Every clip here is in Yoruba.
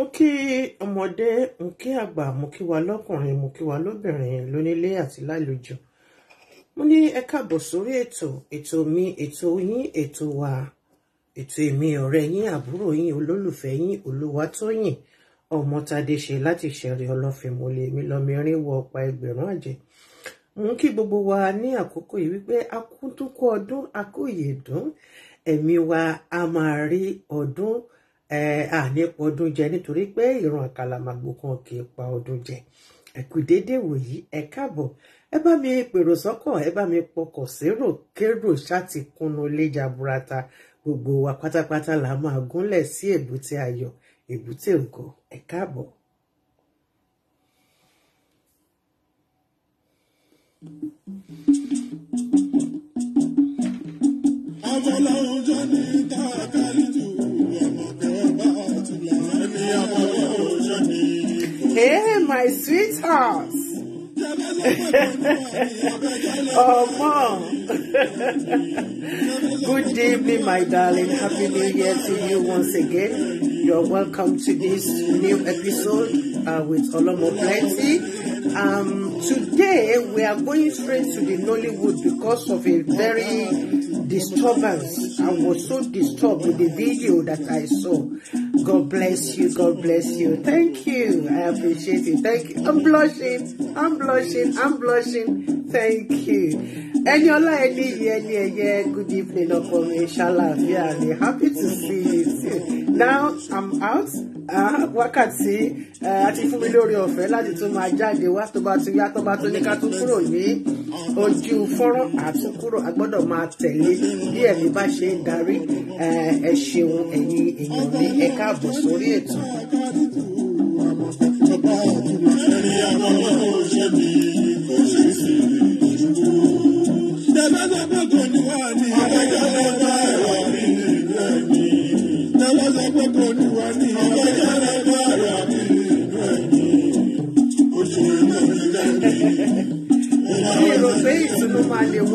mo kí ọmọdé mo kí àgbà mo kí wa lọ́kùnrin mo kí wa lóbìnrin lónílé àti lálejò mo ní ẹ káàbọ̀ sórí ètò ètò mi ètò yín ètò wa ètò èmi ọ̀rẹ́ yín àbúrò yín olólùfẹ́ yín Olúwatóyìn Ọmọ́tadé ṣe láti ṣẹ̀rí ọlọ́fẹ̀mọ́lẹ̀ mi lọ́mọrin wọ ọ̀pá ẹgbẹ̀rún àjẹ́ mo ń kí gbogbo wa ní àkókò yìí wípé akúndúnkú ọdún akóyèdún ẹ̀mí wa a máa rí ọdún àní pa ọdún jẹ nítorí pé ìran àkàlàmàgbò kan kì í pa ọdún jẹ ẹkú déédéé wòyí ẹ káàbọ̀ ẹ bá mi pèrò sọ́kàn ẹ bá mi pọkàn sérò kérò ṣàtìkúnnú lé jaburata gbogbo wa pátápátá là máa gúnlẹ̀ sí èbúté ayọ̀ èbúté ògo ẹ káàbọ̀. ọmọ ọlọ́run jẹ́ ní tàkàlì jù. Hey, my sweetheart. oh, mom. Good evening, my darling. Happy New Year to you once again. You're welcome to this new episode uh, with Olomo Plenty. Um, today, we are going straight to the Nollywood because of a very disturbance. I was so disturbed with the video that I saw. God bless you. God bless you. Thank you. I appreciate it. Thank you. I'm blushing. I'm blushing. I'm blushing. Thank you. Eniola Eniyi Eniyeye, good evening, Okomi. Inshallah, yeah, happy to see you. Now I'm out. Ah, àti eh, fún mi lórí ọ̀fẹ́ láti tún máa jáde wá tó bá tún yá tó bá tún ní ká tún kúrò ní ojú fọ́nrán àtúnkúrò a gbọ́dọ̀ máa tẹ̀lé bí ẹ̀mí bá ṣe ń darí ẹ ṣeun ẹ̀yin èèyàn ní ẹ káàbọ̀ sórí ètò. Dẹ́gbẹ́dẹ́gbẹ́ kò ní wà ní ìgbàgbọ́.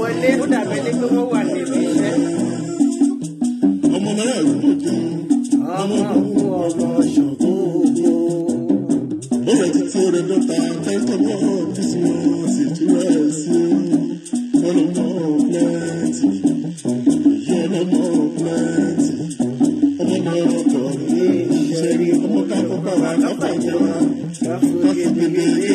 wọlé ó dàbẹ́ ni pé wọ́n wà níbi iṣẹ́. ọmọ náà ló dòde ọmọ òun ọmọ ṣògo. ó rẹ̀ ti tó rẹ̀ dọ́ta tẹ́tọ̀ náà bí wọ́n sì júwẹ́ sí ọlọ́mọ plenty ìyá ọlọ́mọ plenty ọmọ náà ọkọ̀ ní ìṣẹ́rí ọmọ kákọ́kọ́ wa lápá ìjọba lápá ìjọba.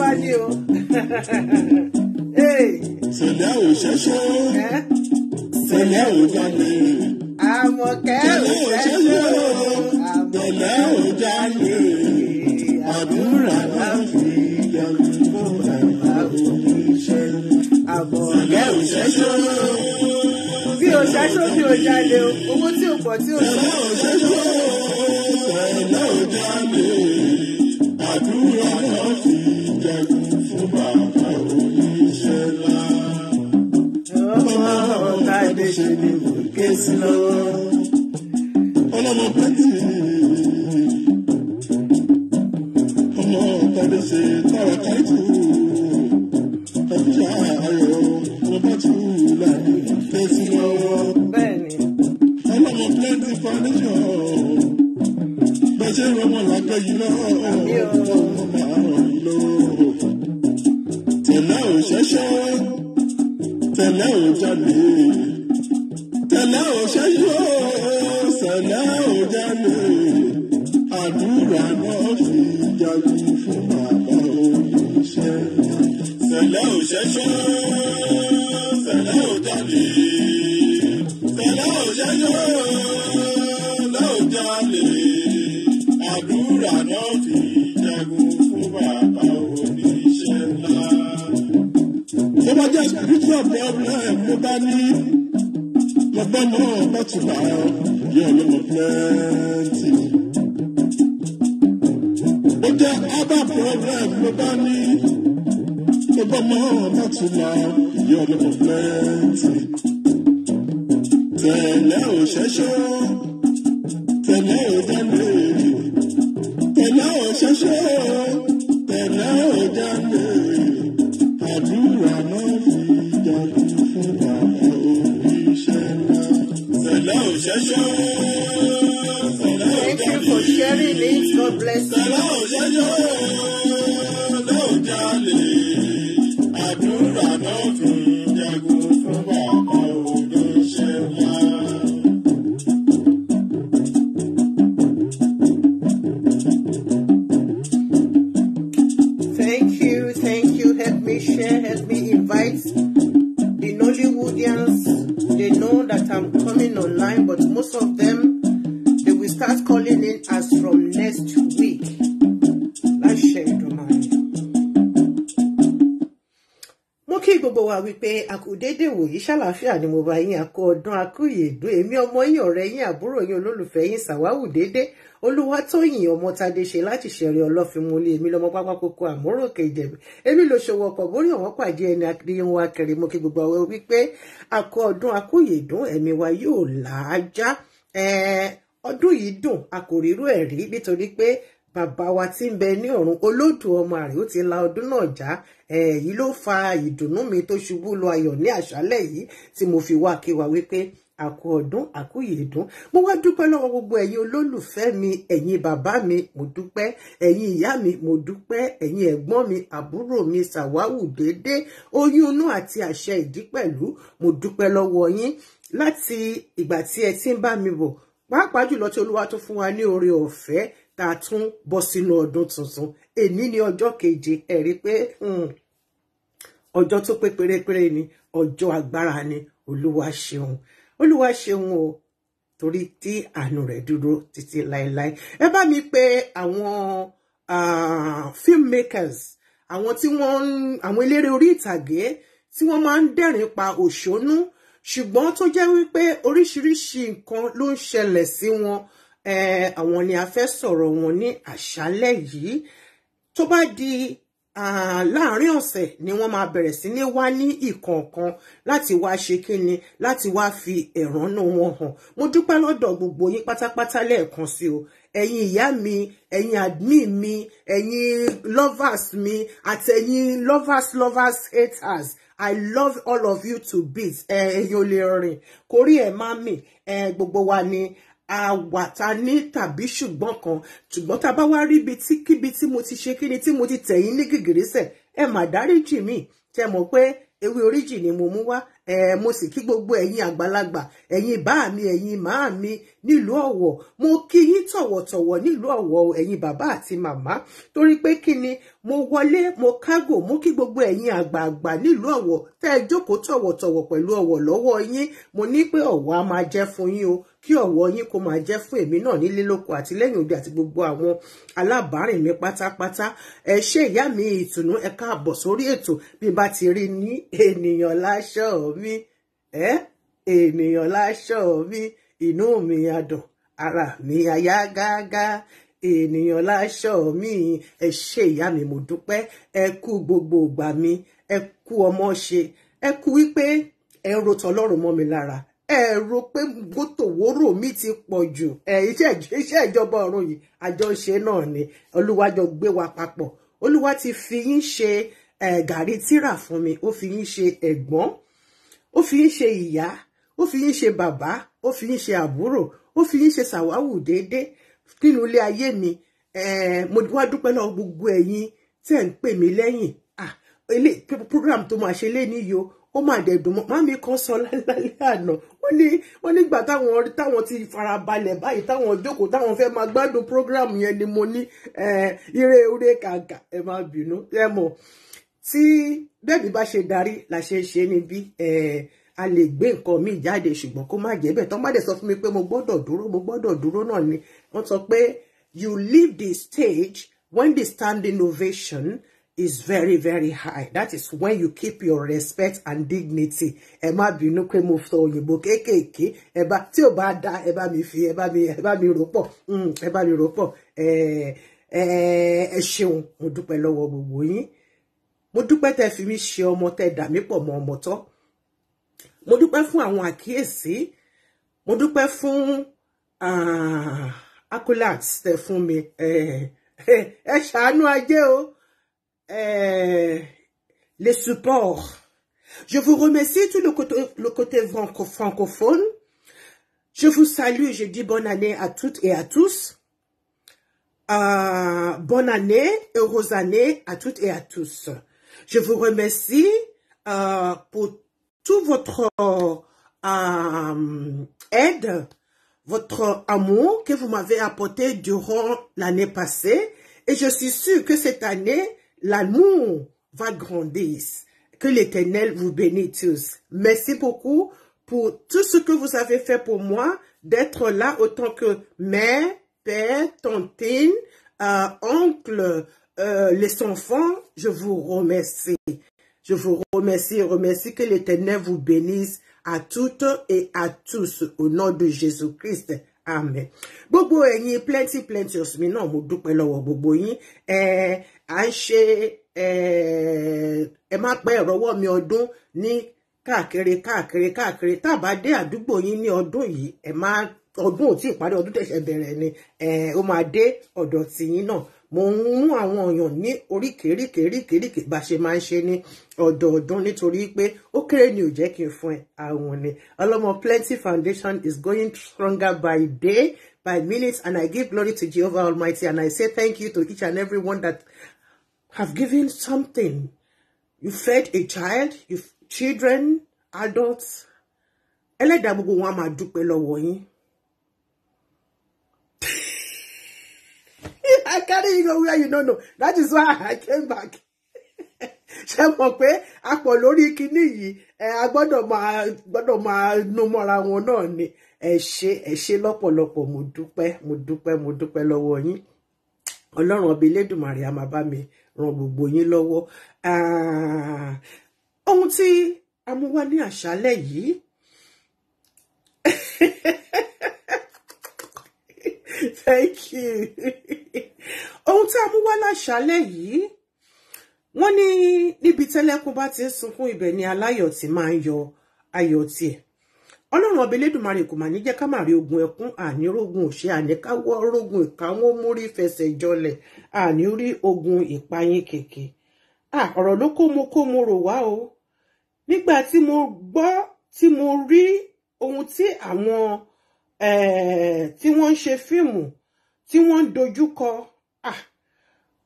bá ní o. ṣẹlẹ̀ ò ṣẹṣẹ ṣẹlẹ̀ ò já ní. àmọ̀kẹ́ ò So now we já ní. àdúrà láti yàgò fún àwọn oníṣẹ́. àmọ̀kẹ́ ò ṣẹṣẹ. bí o ṣẹṣẹ bí o jáde o owó tí o pọ̀ tí o sọ. ṣẹlẹ̀ ò ṣẹṣẹ. yes, Lord. All of our pé àkú dédé wòyí ṣàlàáfíà ni mo bá yín àkú ọdún àkú ìyèdú èmi ọmọ yín ọ̀rẹ́ yín àbúrò yín olólùfẹ́ yín sàwáwù dédé olúwatóyìn ọmọ tadé ṣe láti ṣẹ̀rẹ̀ ọlọ́fínmúlé èmi lọmọ pápákọ̀kọ̀ àmúrò kejìmí èmi ló ṣòwò ọkọ̀ borí àwọn pàdé ẹni adéyẹwò akẹrẹ mo kí gbogbo àwọn wípé àkú ọdún àkú ìyèdún ẹ̀mí wa yóò làájá ọdún yìí dùn a kò rírú ẹ̀ rí nítorí pé bàbá wa tí ń bẹ ní ọ̀run olóòtú ọmọ àrè ó ti la ọdún náà já èyí ló fa ìdùnnú mi tó ṣubú lọ ayọ̀ ní àṣálẹ́ yìí tí mo fi wá kí wa wípé àkú ọdún àkú yèédún mo wá dúpẹ́ lọ́wọ́ gbogbo ẹ̀yin olólùfẹ́ mi ẹ̀yin bàbá mi mo dúpẹ́ ẹ̀yin ìyá mi mo dúpẹ́ ẹ̀yin ẹ̀gbọ́n mi àbúrò mi ṣàwáwù déédé oyún inú àti àṣẹ ìdí pẹ̀lú mo dúpẹ́ lọ́wọ́ yín láti ìgbà tí ẹ ti ń bá mi bọ̀ pàápàá jùlọ tí olúwa tó fún wa ní oore ọ̀fẹ́ tá a tún bọ́ sínú ọdún tuntun èní ni ọjọ́ keje ẹ pé hmm, ọjọ́ tó pé pérépéré ni ọjọ́ agbára ni olúwa ṣeun olúwa ṣeun o torí tí àánú rẹ̀ dúró títí láéláé ẹ bá mi pè àwọn filmmakers àwọn tí wọ́n àwọn eléré orí ìtàgé tí wọ́n máa ń dẹ́rìn pa òṣónú ṣùgbọ́n tó jẹ́ wípé oríṣiríṣi nǹkan ló ń ṣẹlẹ̀ sí wọn àwọn ni a fẹ́ sọ̀rọ̀ wọn ní àṣálẹ́ yìí tó bá di láàárín ọ̀sẹ̀ ni wọ́n máa bẹ̀rẹ̀ sí ní wá ní ìkọ̀ọ̀kan láti wá ṣe kíni láti wá fi ẹ̀ránú wọn hàn mo dúpẹ́ lọ́dọ̀ gbogbo yín pátápátá lẹ́ẹ̀kan sí o ẹ̀yin ìyá mi ẹ̀yin admin mi ẹ̀yin lovers mi àtẹ̀yin lovers lovers haters I love all of you to bits ẹ̀yin ò lè rìn kórí ẹ̀ má mì gbogbo wa ni àwà ta ní tàbí ṣùgbọ́n kan ṣùgbọ́n tá a bá wá rí ibi tí kíbi tí mo ti ṣe kíni tí mo ti tẹ̀yìn ní gìgìrísẹ̀ ẹ mà dáríjì mí tẹ mọ̀ pé ewé oríjì ni mo mú wá ẹ mo sì kí gbogbo ẹ̀yin àgbàlagbà ẹ̀yin bá mi ẹ̀yin màá mi nílùú Ọ̀wọ̀ mo kí yín tọ̀wọ̀tọ̀wọ̀ nílùú Ọ̀wọ̀ ẹ̀yin bàbá àti màmá torí pé kí ni mo wọlé mo kágò mo kí gbogbo ẹ̀yin àgbààgbà nílùú Ọ̀wọ̀ tẹ́ ẹ jókòó tọ̀wọ̀tọ̀wọ̀ pẹ̀lú Ọ̀wọ̀ lọ́wọ́ yín mo ní pé Ọ̀wọ̀ á máa jẹ́ fún yín o kí ọ̀wọ̀ yín kó máa jẹ́ fún èmi náà nílé lóko àti lẹ́yìn òde àti gbogbo àwọn alábàárìn mi pátápátá ẹ ṣé ìyá mi ìtùnú ẹ káàbọ̀ sórí ètò bí bá ti rí ní ènìyàn láṣọ mi ẹ ènìyàn láṣọ mi inú mi adùn ara mi àyà gágá ènìyàn láṣọ mi ẹ ṣé ìyá mi mo dúpẹ́ ẹ kú gbogbo ìgbà mi ẹ kú ọmọ ṣe ẹ kú wípé ẹ ń rotọ Ọlọ́run mọ́ mi lára ẹ rò pé gbótòwórò mi ti pọ̀ jù ẹ iṣẹ́ ìjọba ọ̀run yìí àjọṣe náà ni Olúwa jọ gbé wa papọ̀ Olúwa ti fi yín ṣe gàrí tíra fún mi ó fi yín ṣe ẹ̀gbọ́n ó fi yín ṣe ìyá ó fi yín ṣe bàbá ó fi yín ṣe àbúrò ó fi yín ṣe sàwáwù déédéé nínú ilé ayé mi mo wá dúpẹ́ lọ́wọ́ gbogbo ẹ̀yin tẹ́ ń pè mí lẹ́yìn program tó máa ṣe lé níyì o ó máa dẹ̀dùn mọ́ màmí kan sọ lálẹ́ àná wọ́n ní wọ́n nígbà táwọn táwọn ti farabalẹ̀ báyìí táwọn jókòó táwọn fẹ́ máa gbádùn program yẹn ni mo ní ire ore kàǹkà ẹ máa bínú ẹ mọ̀ tí bẹ́ẹ̀bí bá ṣe darí la ṣe ń ṣe níbí a lè gbé nǹkan míì jáde ṣùgbọ́n kó má jẹ́ bẹ́ẹ̀ tán bá dẹ̀ sọ fún mi pé mo gbọ́dọ̀ dúró mo gbọ́dọ̀ dúró náà ni wọ́n sọ pé you leave the stage when the standing ovation is very very high that is when you keep your respect and dignity ẹ má bínú pé mo sọ òyìnbó kéékèèké ẹ bá tí ò bá da ẹ bá mi fi ẹ bá mi ẹ bá mi rò pọ̀ hmm, ẹ bá mi rò pọ̀ ẹ ṣeun mo dúpẹ́ lọ́wọ́ gbogbo yín mo dúpẹ́ tẹ́ fi mí ṣe ọmọ tẹ́ dà mí pọ̀ mọ́ ọmọ tọ́ mo est fún àwọn àkíyèsí mo dúpẹ́ fún à ah, tẹ fún mi eh, ẹ o eh, les supports je vous remercie tout le côté, le côté francophone je vous salue je dis bonne année à toutes et à tous ah, bonne année, heureuse année à toutes et à tous. Je vous remercie euh, pour tout votre euh, aide, votre amour que vous m'avez apporté durant l'année passée. Et je suis sûre que cette année, l'amour va grandir. Que l'Éternel vous bénisse tous. Merci beaucoup pour tout ce que vous avez fait pour moi, d'être là autant que mère, père, tantine, euh, oncle, euh, les enfants. Je vous remercie. Je vous remercie et remercie que l'Éternel vous bénisse à toutes et à tous au nom de Jésus-Christ. Amen. Gbogbo ẹ̀yin plenty plenteous mi náà mo dúpẹ́ lọ́wọ́ gbogbo yín. Ẹ à ń ṣe ẹ má pẹ́ ìrọwọ́ mi ọdún ní káàkiri káàkiri káàkiri tá a bá dé àdúgbò yín ní ọdún yìí ẹ má ọdún ò tí ì parí ọdún tẹ̀sẹ̀ bẹ̀rẹ̀ ni ó máa dé ọ̀dọ̀ tiyín náà mo ń mú àwọn èèyàn ní oríkèéríkèé ríkèéríkèé bá ṣe máa ń ṣe ní ọdọọdún nítorí pé ó kéré ni ò jẹ́ kí n fún ẹ àwọn ni ọlọ́mọ plenty foundation is going stronger by day by minute and I give glory to Jehovah Almighty and I say thank you to each and every one that have given something you fed a child you children adults ẹlẹ́dàá gbogbo wọn a máa dúpẹ́ lọ́wọ́ yín carry you go where you don't know that is why i came back ṣe mọ̀ pé a pọ̀ lórí kinní yìí a gbọ́dọ̀ máa gbọ́dọ̀ máa nu mọ́ra wọn náà ni ẹ ṣé ẹ ṣé lọ́pọ̀lọpọ̀ mo dúpẹ́ mo dúpẹ́ mo dúpẹ́ lọ́wọ́ yín ọlọ́run ọba elédùnmarè a máa bá mi ran gbogbo yín lọ́wọ́ ohun tí a mú wá ní àṣálẹ́ yìí thank you ohun tí a mú wá láṣálẹ́ yìí wọ́n ní níbi tẹ́lẹ́kún bá ti ń sunkún ibẹ̀ ni aláyọ̀ ti máa ń yọ ayọ̀ tiẹ̀ ọlọ́run ọba elédùnmarè kò mà ní jẹ́ ká máa rí ogun ẹkún àní rógun òṣè àní káwọ́ rógun ìkáwọ́ mórí fẹsẹ̀ jọlẹ̀ àní rí ogun ìpayín kèké ọ̀rọ̀ ló kó mo kó mo rò wá o nígbà tí mo gbọ́ tí mo rí ohun tí àwọn Eh, tí wọ́n ń ṣe fíìmù tí wọ́n ń dojúkọ ah,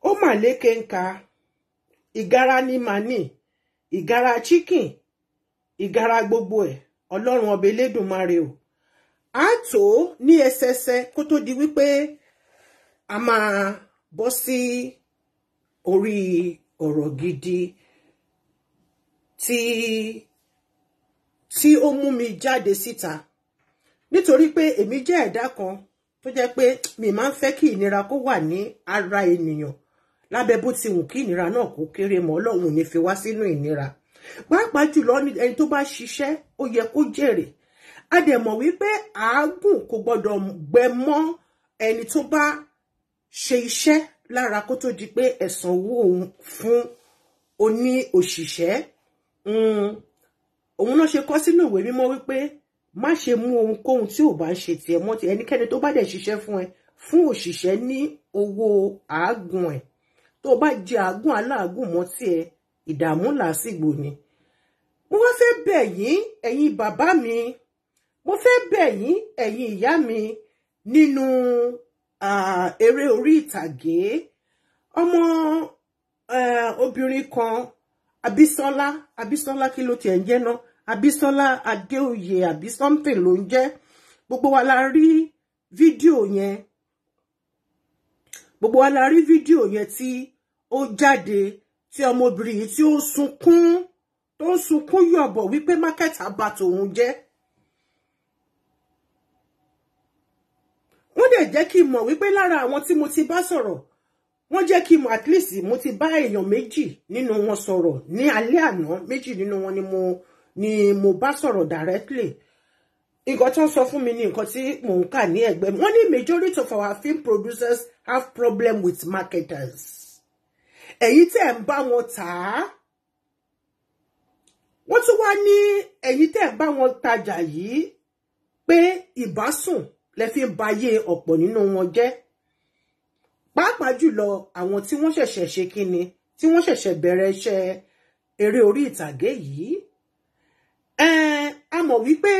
ó mà léke ń ka ìgara ní mani ìgara chicken ìgara gbogbo ẹ̀ ọlọ́run ọba elédùnmarè o á tò ó ní ẹsẹsẹ kó tó di wípé a máa bọ́ sí orí ọ̀rọ̀ gidi tí tí ó mú mi jáde síta. Si nítorí pé èmi jẹ́ ẹ̀dá kan tó jẹ́ pé mi máa ń fẹ́ kí ìnira kó wà ní ara ènìyàn lábẹ́ bó ti wù kí ìnira náà kó kéré mọ́ Ọlọ́run ní fi wá sínú ìnira pàápàá jùlọ ẹni tó bá ṣiṣẹ́ ó yẹ kó jèrè a wípé àágùn kò gbọ́dọ̀ gbẹ mọ́ ẹni tó bá ṣe iṣẹ́ lára kó tó di pé ẹ̀san owó òun fún oní òṣìṣẹ́ hmm, òun náà ṣe kọ sínú ìwé mímọ́ wípé má ṣe mú ohunkóhun tí ò bá ń ṣe tiẹ̀ mọ́ ti ẹnikẹ́ni tó bá dẹ̀ ṣiṣẹ́ fún ẹ fún òṣìṣẹ́ ní owó àágùn ẹ̀ tó bá jẹ àágùn aláàgùn mọ́ tiẹ̀ ìdààmú làásìgbò ni. mo wá fẹ́ bẹ̀ yín ẹ̀yin bàbá mi mo fẹ́ bẹ̀ yín ẹ̀yin ìyá mi nínú eré orí ìtàgé ọmọ obìnrin kan Abísọ́lá Abísọ́lá kí ló tiẹ̀ ń jẹ́ náà Abisola Adeoye, àbí something ló ń jẹ́ gbogbo wa la rí fídíò yẹn gbogbo wa la rí fídíò yẹn tí ó jáde tí ọmọbìnrin yìí tí ó sunkún tó ń sunkún market àbá tòun jẹ́ wọ́n dẹ̀ jẹ́ kí n mọ̀ wípé lára àwọn mo ti bá sọ̀rọ̀ wọ́n jẹ́ kí n at least mo ti bá èèyàn méjì nínú wọn sọ̀rọ̀ ní alẹ́ àná méjì nínú wọn ni mo. No ni mo bá sọ̀rọ̀ directly nǹkan tó ń sọ fún mi ní nǹkan tí mò ń kà ní ẹ̀gbẹ́ wọn ní majority of our film producers have problem with marketers èyí tẹ́ ń bá wọn tà á wọ́n tún wá ní èyí tẹ́ ń bá wọn tajà yìí pé ìbásùn lẹ fi ń bayé ọ̀pọ̀ nínú wọn jẹ́ pàápàá jùlọ àwọn tí wọ́n ṣẹ̀ṣẹ̀ ṣe kínni tí wọ́n ṣẹ̀ṣẹ̀ bẹ̀rẹ̀ iṣẹ́ eré orí ìtàgé yìí a mọ̀ wípé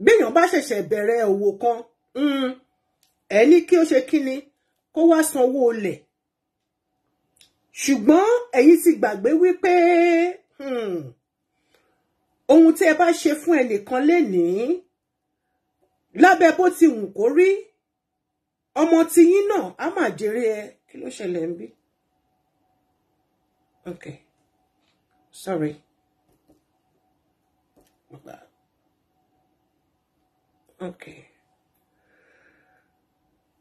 béèyàn bá ṣẹ̀ṣẹ̀ bẹ̀rẹ̀ òwò kan hmm, ẹ ní kí ó ṣe kíni kó wá sanwó olè ṣùgbọ́n ẹ̀yin ti gbàgbé wípé hmm, ohun tí ẹ bá ṣe fún ẹnìkan lénìí lábẹ́ bó ti wù kó rí ọmọ tiyín náà á mà jèrè ẹ kí ló ṣẹlẹ̀ ń bí. Okay. Sorry. Okay.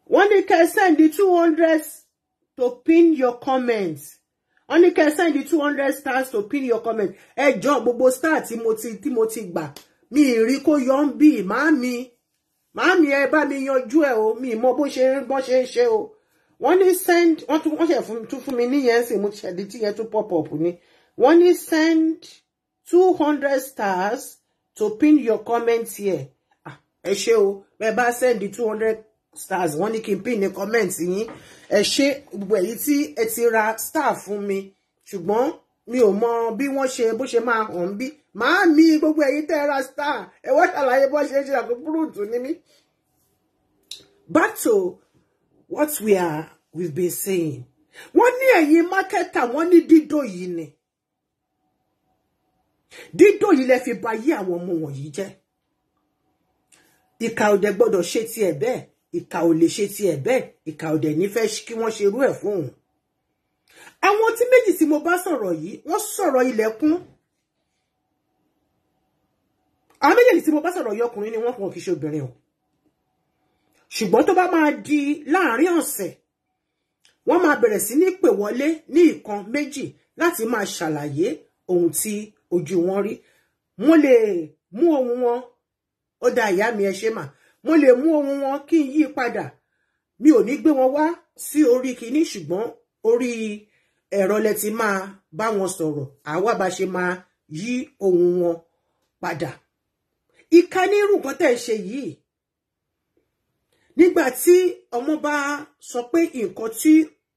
When you kẹ́ send the two hundred to pin your comments. when you kẹ́ send the two hundred stars to pin your comments. Ẹ John, Bobo star tí mo ti Me Rico ti gbà. Mi rí kó yọ ń bì máa mi. Máa mi ẹ bá mi yanjú o. Mi mọ bó ṣe bó ṣe ń o. Wọ́n send wọ́n tún wọ́n ṣẹ̀ tún fún mi níyẹn sì mo ṣẹ̀ di tíyẹn tún pop up ni wọ́n ní send two hundred stars to pin your comment here ẹ ṣé o bẹ́ẹ̀ bá send two hundred stars wọ́n ní kí pin the comment yín ẹ ṣé gbogbo èyí tí ẹ ti ra star fún mi ṣùgbọ́n mi ò mọ bí wọ́n ṣe bó ṣe máa hàn bí màá mi gbogbo èyí tẹ́ ra star E wọ́n ṣàlàyé bó ṣe ṣe àkókò tù ní mí. back to what we are we've been saying wọ́n ni ẹ̀yin mákẹ́tà wọ́n ni dídò yìí ni dídó yìí lẹ fi ba yí àwọn ọmọ wọ̀nyí jẹ́ ìkà ò dẹ̀ gbọ́dọ̀ ṣe tiẹ̀ bẹ́ẹ̀ ìkà ò lè ṣe tiẹ̀ bẹ́ẹ̀ ìkà ò dẹ̀ nífẹ̀ẹ́ kí wọ́n ṣe irú ẹ̀ fún òun àwọn tí méjì tí mo bá sọ̀rọ̀ yìí wọ́n sọ̀rọ̀ ilẹ̀kùn àwọn méjèèjì tí mo bá sọ̀rọ̀ yìí ọkùnrin ni wọ́n kàn kì í ṣe obìnrin o ṣùgbọ́n tó bá máa di láàárín ọ̀sẹ̀ wọ́n máa bẹ̀rẹ̀ sí ní pè wọlé ní ìkan méjì láti máa ṣàlàyé ohun tí ojú wọn rí mo lè mú ohun wọn ó da ìyá mi ẹ ṣe mà mo lè mú ohun wọn kí n yí padà mi ò ní gbé wọn wá sí orí kìíní ṣùgbọ́n orí ẹ̀rọ lẹ ti máa bá wọn sọ̀rọ̀ àwa bá ṣe máa yí ohun wọn padà ìka ní irú nǹkan ṣe yìí nígbà tí ọmọ bá sọ pé nǹkan tí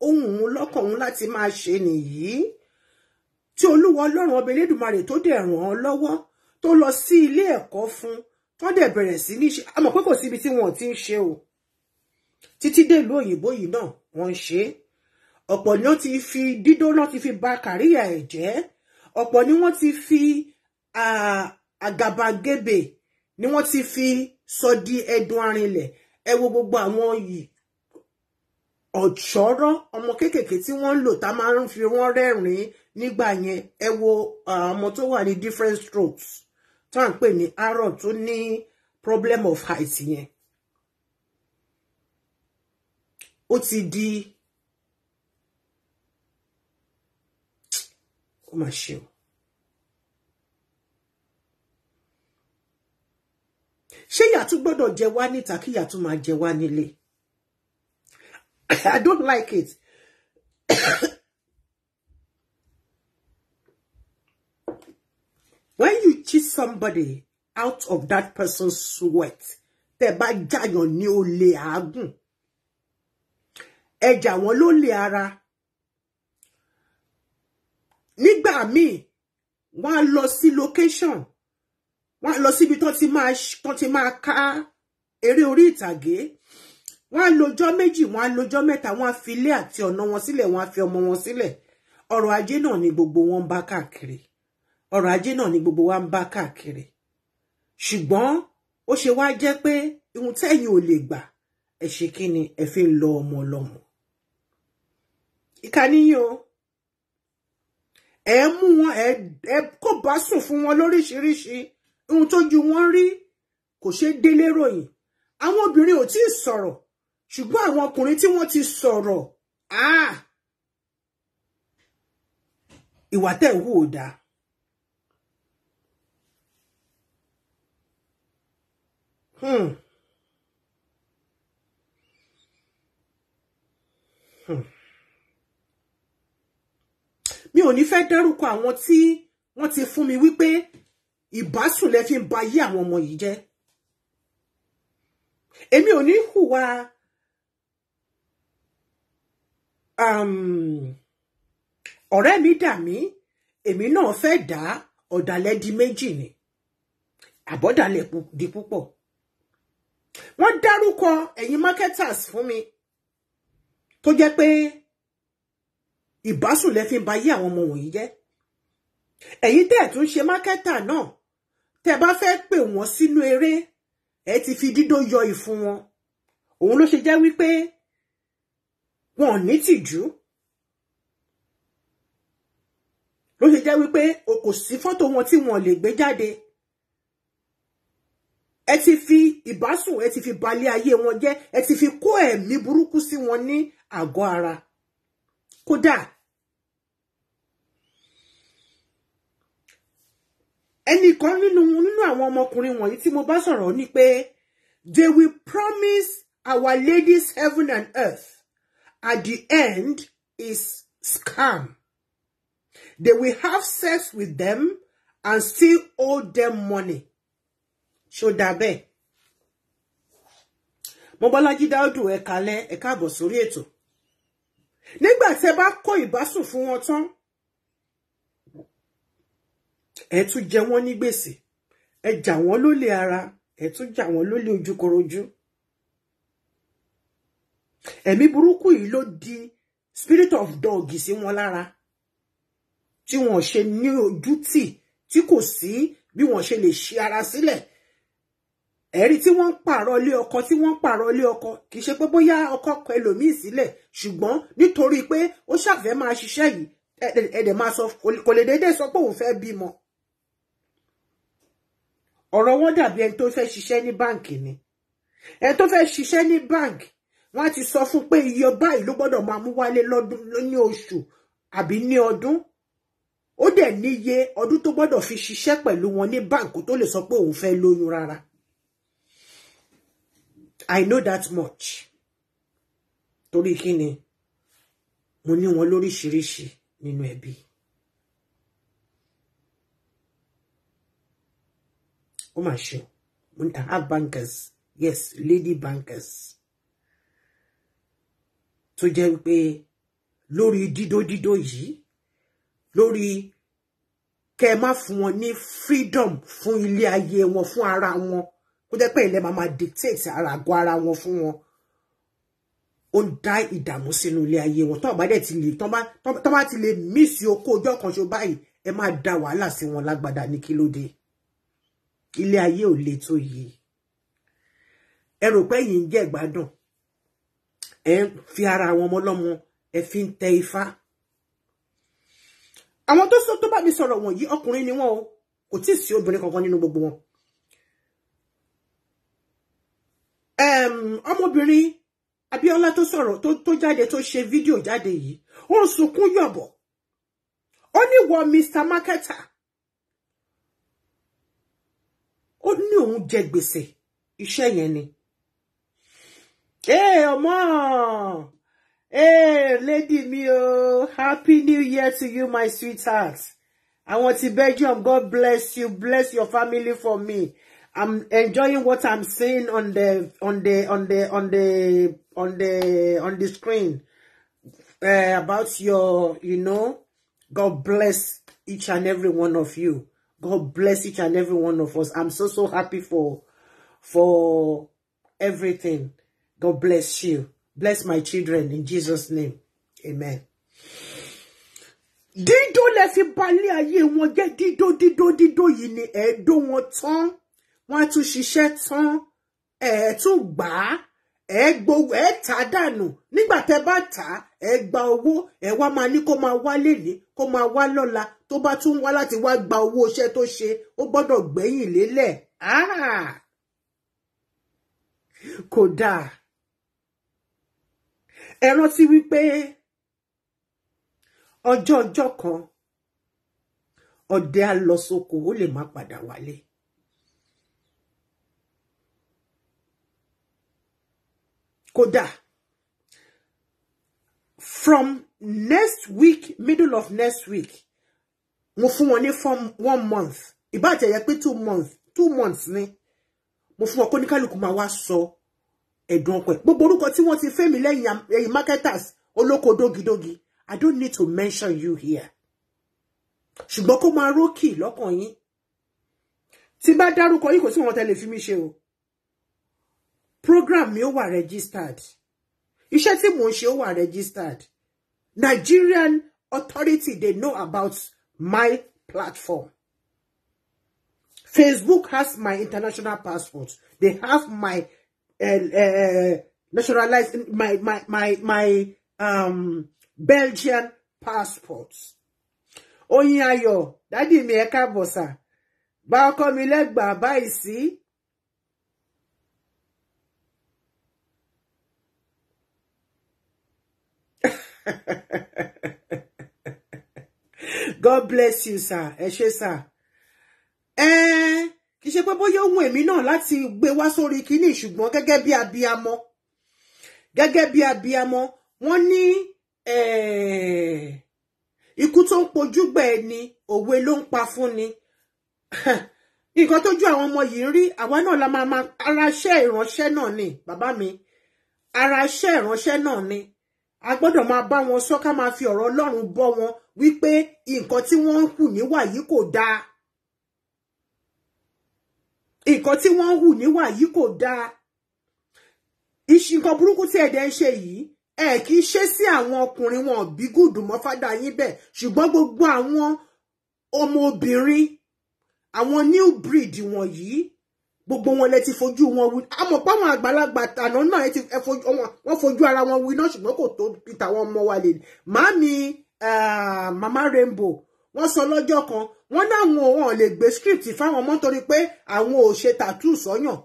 ohun òun lọ́kàn òun láti máa ṣe nìyí tí olúwa ọlọ́run ọba elédùnmarè tó dẹ̀ ràn án lọ́wọ́ tó lọ sí ilé ẹ̀kọ́ fún tó dẹ̀ bẹ̀rẹ̀ sí ní ṣe àmọ́ pé kò síbi tí wọ́n ti ń ṣe o títí dèlú òyìnbó yìí náà wọ́n ń ṣe ọ̀pọ̀ ni wọ́n ti fi dídó náà ti fi ba kàríyà ẹ̀ jẹ́ ọ̀pọ̀ ni wọ́n ti fi àgàbàgebè ni wọ́n ti fi sọ di ẹdun arinlẹ̀ ẹ wo gbogbo àwọn yìí ọ̀ṣọ́rọ́ ọmọ kéékèèké tí wọ́n ń lò tá máa ń fi wọ́n rẹ́rìn-ín nígbà yẹn ẹ wo àwọn ọmọ tó wà ní different strokes tá à ń pè ní arrow tó ní problem of height yẹn ó ti di ó mà ṣe o ṣé ìyàtú gbọ́dọ̀ jẹ wá níta kí ìyàtú máa jẹ wá nílé I don't like it when you cheat somebody out of that person's sweat tẹ́ bá jàyàn ní olè àágùn ẹjà wọn ló lè ara nígbà míì wọ́n á lọ location wọ́n á lọ síbi tán ti máa tán ti máa ká eré orí ìtàgé wọ́n á lọ́jọ́ méjì wọ́n á lọ́jọ́ mẹ́ta wọ́n á fi ilé àti ọ̀nà fi ọmọ wọn sílẹ̀ ọrọ̀ ajé ni gbogbo wọn bá káàkiri ọrọ̀ ajé náà ni gbogbo wa ń bá káàkiri ṣùgbọ́n ó ṣe wá jẹ́ pé ohun tẹ́yìn ò lè gbà ẹ ṣe kí ni ẹ fi ń lọ ọmọ lọ́mọ ìkànnìyàn ẹ mú wọn ẹ kó bá sùn fún wọn lóríṣiríṣi ohun tójú wọn rí kò ṣeé délé ròyìn àwọn obìnrin ò tí ì sọ̀rọ̀ ṣùgbọ́n àwọn ọkùnrin tí wọ́n ti sọ̀rọ̀ ìwà tẹ̀ wù ò dáa Hmm. Hmm. mi ò ní fẹ́ dárúkọ àwọn tí wọ́n ti fún mi wípé ìbásùn lẹ fi ń ba ayé àwọn ọmọ yìí jẹ́ èmi ò ní hùwà um, ọ̀rẹ́ mi dà mí èmi náà fẹ́ dá ọ̀dàlẹ̀ di méjì ni àbọ̀dàlẹ̀ di púpọ̀ wọ́n dárúkọ ẹ̀yin marketers fún mi tó jẹ́ pé ìbásùn lẹ fi ń ba yé àwọn ọmọ wọ̀nyí jẹ́ ẹ̀yin tẹ́ ẹ̀ tún ṣe mákẹ́tà náà tẹ́ bá fẹ́ pè wọ́n sínú eré ẹ ti fi dídó yọ ìfun wọn òun ló ṣe jẹ́ wípé wọn ò ní tìjú ló ṣe jẹ́ wípé kò sí fọ́tò wọn tí wọn lè gbé jáde ẹ ti fi ìbásùn ẹ ti fi balẹ̀ ayé wọn jẹ́ ẹ ti fi kó ẹ̀mí burúkú sí wọn ní àgọ́ ara kódà ẹnì nínú nínú àwọn ọmọkùnrin wọ̀nyí tí mo bá sọ̀rọ̀ ni pé they will promise our ladies heaven and earth at the end is scam they will have sex with them and still owe them money ṣó dáa bẹ́ẹ̀ Mobọ́lájí Dáúdù ẹ kalẹ́ ẹ káàbọ̀ sórí ètò nígbà tẹ́ bá kó ìbásùn fún wọn tán ẹ tún jẹ wọ́n ní gbèsè ẹ jà wọ́n lólè ara ẹ tún jà wọ́n lólè ojúkorojú ẹ̀mí burúkú yìí ló di spirit of dog sí wọn lára tí wọ́n ṣe ní ojú tì tí kò sí bí wọ́n ṣe lè ṣe ara sílẹ̀ ẹ̀rí tí wọ́n ń pààrọ̀ ilé ọkọ tí wọ́n ń pààrọ̀ ilé ọkọ kì í ṣe pé bóyá ọkọ kọ ẹlòmíì sílẹ̀ ṣùgbọ́n nítorí pé ó ṣàfẹ́ máa ṣiṣẹ́ yìí ẹ̀dẹ̀ máa sọ kò lè déédéé sọ pé òun fẹ́ bímọ. ọ̀rọ̀ wọn dàbí ẹni tó fẹ́ ṣiṣẹ́ ní báǹkì ni ẹni tó fẹ́ ṣiṣẹ́ ní báǹkì wọ́n á ti sọ fún pé iye báyìí ló gbọ́dọ̀ máa mú wálé lọ́dún ní oṣù àbí ní ọdún ó dẹ̀ níye ọdún tó gbọ́dọ̀ fi ṣiṣẹ́ pẹ̀lú wọn ní báǹkì tó lè sọ pé òun fẹ́ lóyún rárá I know that much torí kí ni mo ní wọn lóríṣiríṣi nínú ẹbí ó mà ṣe o I have bankers yes lady bankers tó jẹ́ pé lórí dídó dídó yìí lórí kẹ́ má fún wọn ní freedom fún ilé ayé wọn fún ara wọn kó jẹ́ pé ilẹ̀ máa máa dictate ara àgọ́ ara wọn fún wọn ó ń dá ìdààmú sínú ilé ayé wọn tọ́ọ̀ bá dẹ̀ ti lè tọ́ bá ti lè mísì okó ọjọ́ kan ṣo báyìí ẹ máa da wàhálà sí wọn lágbádá ní kí ló dé ilé ayé ò le tó yìí ẹ rò pé yìí ń jẹ́ ìgbádùn ẹ fi ara àwọn ọmọ ẹ fi ń tẹ ifá àwọn tó bá mi sọ̀rọ̀ wọ̀nyí ọkùnrin ni wọn o kò tí ì sí obìnrin kankan nínú gbogbo wọn ọmọbìnrin Abíọ́lá tó sọ̀rọ̀ tó jáde tó ṣe fídíò jáde yìí ó ń sunkún yọ̀bọ̀ ó ní wọ Mr Marketer ó ní òun jẹ gbèsè iṣẹ́ yẹn ni ee ọmọ ee lady mi o happy new year to you my sweetheart beg you Belgium God bless you bless your family for me I'm enjoying what I'm seeing on the on the on the on the on the on the screen uh, about your you know God bless each and every one of you. God bless each and every one of us. I'm so so happy for for everything. God bless you. Bless my children in Jesus name. Amen. dídó lẹ fi balẹ̀ ayé wọn jẹ́ dídó dídó dídó ni wọn tán wọ́n á tún ṣiṣẹ́ tán ẹ̀ tún gbà á ẹ̀ gbowó ẹ̀ tà á dànù nígbà tẹ́ bá tà á ẹ̀ gba owó ẹ̀ wá máa ní kó máa wá lélẹ̀ kó máa wá lọ́la tó bá tún wá láti wá gba owó iṣẹ́ tó ṣe ó gbọ́dọ̀ gbẹ́yìn lélẹ̀ ah! kò dáa ẹ rántí wípé ọjọ́ ọjọ́ kan ọdẹ á lọ sóko ó lè má padà wálé. kódà from next week middle of next week mo fún wọn ní form one month ìbá àtẹ̀yẹ pé two months two months ni mo fún wọn kó ní kálukú máa wá sọ ẹ̀dùn ọkọ̀ ẹ̀ gbogbo orúkọ tí wọ́n ti fẹ́ mi lẹ́yìn marketers olóko dógidógi I don't need to mention you here ṣùgbọ́n kó máa rókì lọ́kàn yín tí bá dárúkọ yìí kò sí wọn tẹ́lẹ̀ fi mí ṣe o program mi ó wà registered iṣẹ́ tí mò ń ṣe ó wà registered Nigerian authority they know about my platform Facebook has my international passport they have my uh, eh, uh, eh, naturalized my my my my um, Belgian passport oyin ayọ̀ dádì mi ẹ káàbọ̀ sà bá ọkọ mi lẹ́gbàá báyìí sí God bless you, sir. Ẹ ṣé, sir. Eh, kì í ṣe pé bóyá ohun èmi náà láti gbé wá sórí kínní ṣùgbọ́n gẹ́gẹ́ bí abiyamọ. Gẹ́gẹ́ bí abiyamọ, wọ́n ní eh ikú tó ń pojú gbẹ ni òwe ló ń pa fún ni. Nǹkan tójú àwọn ọmọ yìí rí, àwa náà la máa ma ara iṣẹ́ ìránṣẹ́ náà ni, bàbá mi. Ara iṣẹ́ ìránṣẹ́ náà ni a gbọ́dọ̀ máa bá wọn sọ ká máa fi ọ̀rọ̀ Ọlọ́run bọ́ wọn wípé nǹkan tí wọ́n ń hù níwà yìí kò dáa nǹkan tí wọ́n ń hù níwà yìí kò dáa ìṣìnkan burúkú tí ẹ̀dẹ̀ ń ṣe yìí ẹ kì í ṣe sí àwọn ọkùnrin wọn bí gùdù mọ́ fádà yín bẹ́ẹ̀ ṣùgbọ́n gbogbo àwọn ọmọbìnrin àwọn new breed wọ̀nyí gbogbo wọn lẹ ti fojú wọn wí àmọ́ páwọn àgbàlagbà àná náà ẹ ti wọn fojú ara wọn wí náà ṣùgbọ́n kò tó peter àwọn ọmọ wa lè ah, màmí mama rainbow wọ́n sọ lọ́jọ́ kan wọ́n láwọn òun lè gbé script fáwọn ọmọ torí pé àwọn ò ṣe tattoo sọ́yàn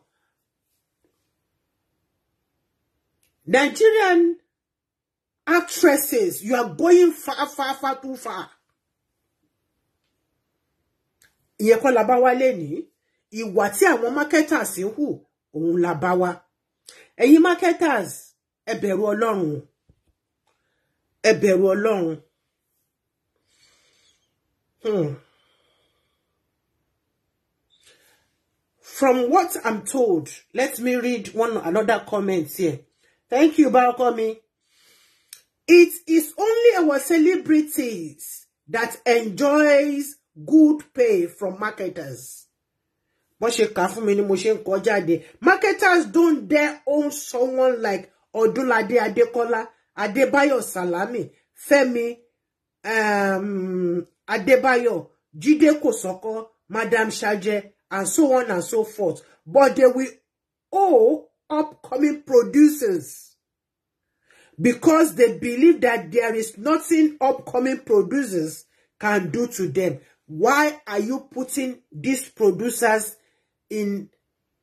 Nigerian actresses you are going far far far too far ìyẹn kọ́ la bá wá lé nìí ìwà tí àwọn marketers ń hù òun la bá wa ẹ̀yin marketers ẹ bẹ̀rù Ọlọ́run ẹ bẹ̀rù Ọlọ́run hmm. From what I'm told, let me read one another comment here. Thank you, Balcomi. It is only our celebrities that enjoys good pay from marketers bó ṣe kà fún mi ni mo ṣe ń kọ jáde marketers don't dare own someone like Ọdúnládé Adékọ́lá Adébáyọ̀ Salami Fẹ́mi um, Adébáyọ̀ Jídé Kòsọ́kọ́ Madam Ṣajẹ and so on and so forth but they will owe upcoming producers because they believe that there is nothing upcoming producers can do to them. Why are you putting these producers in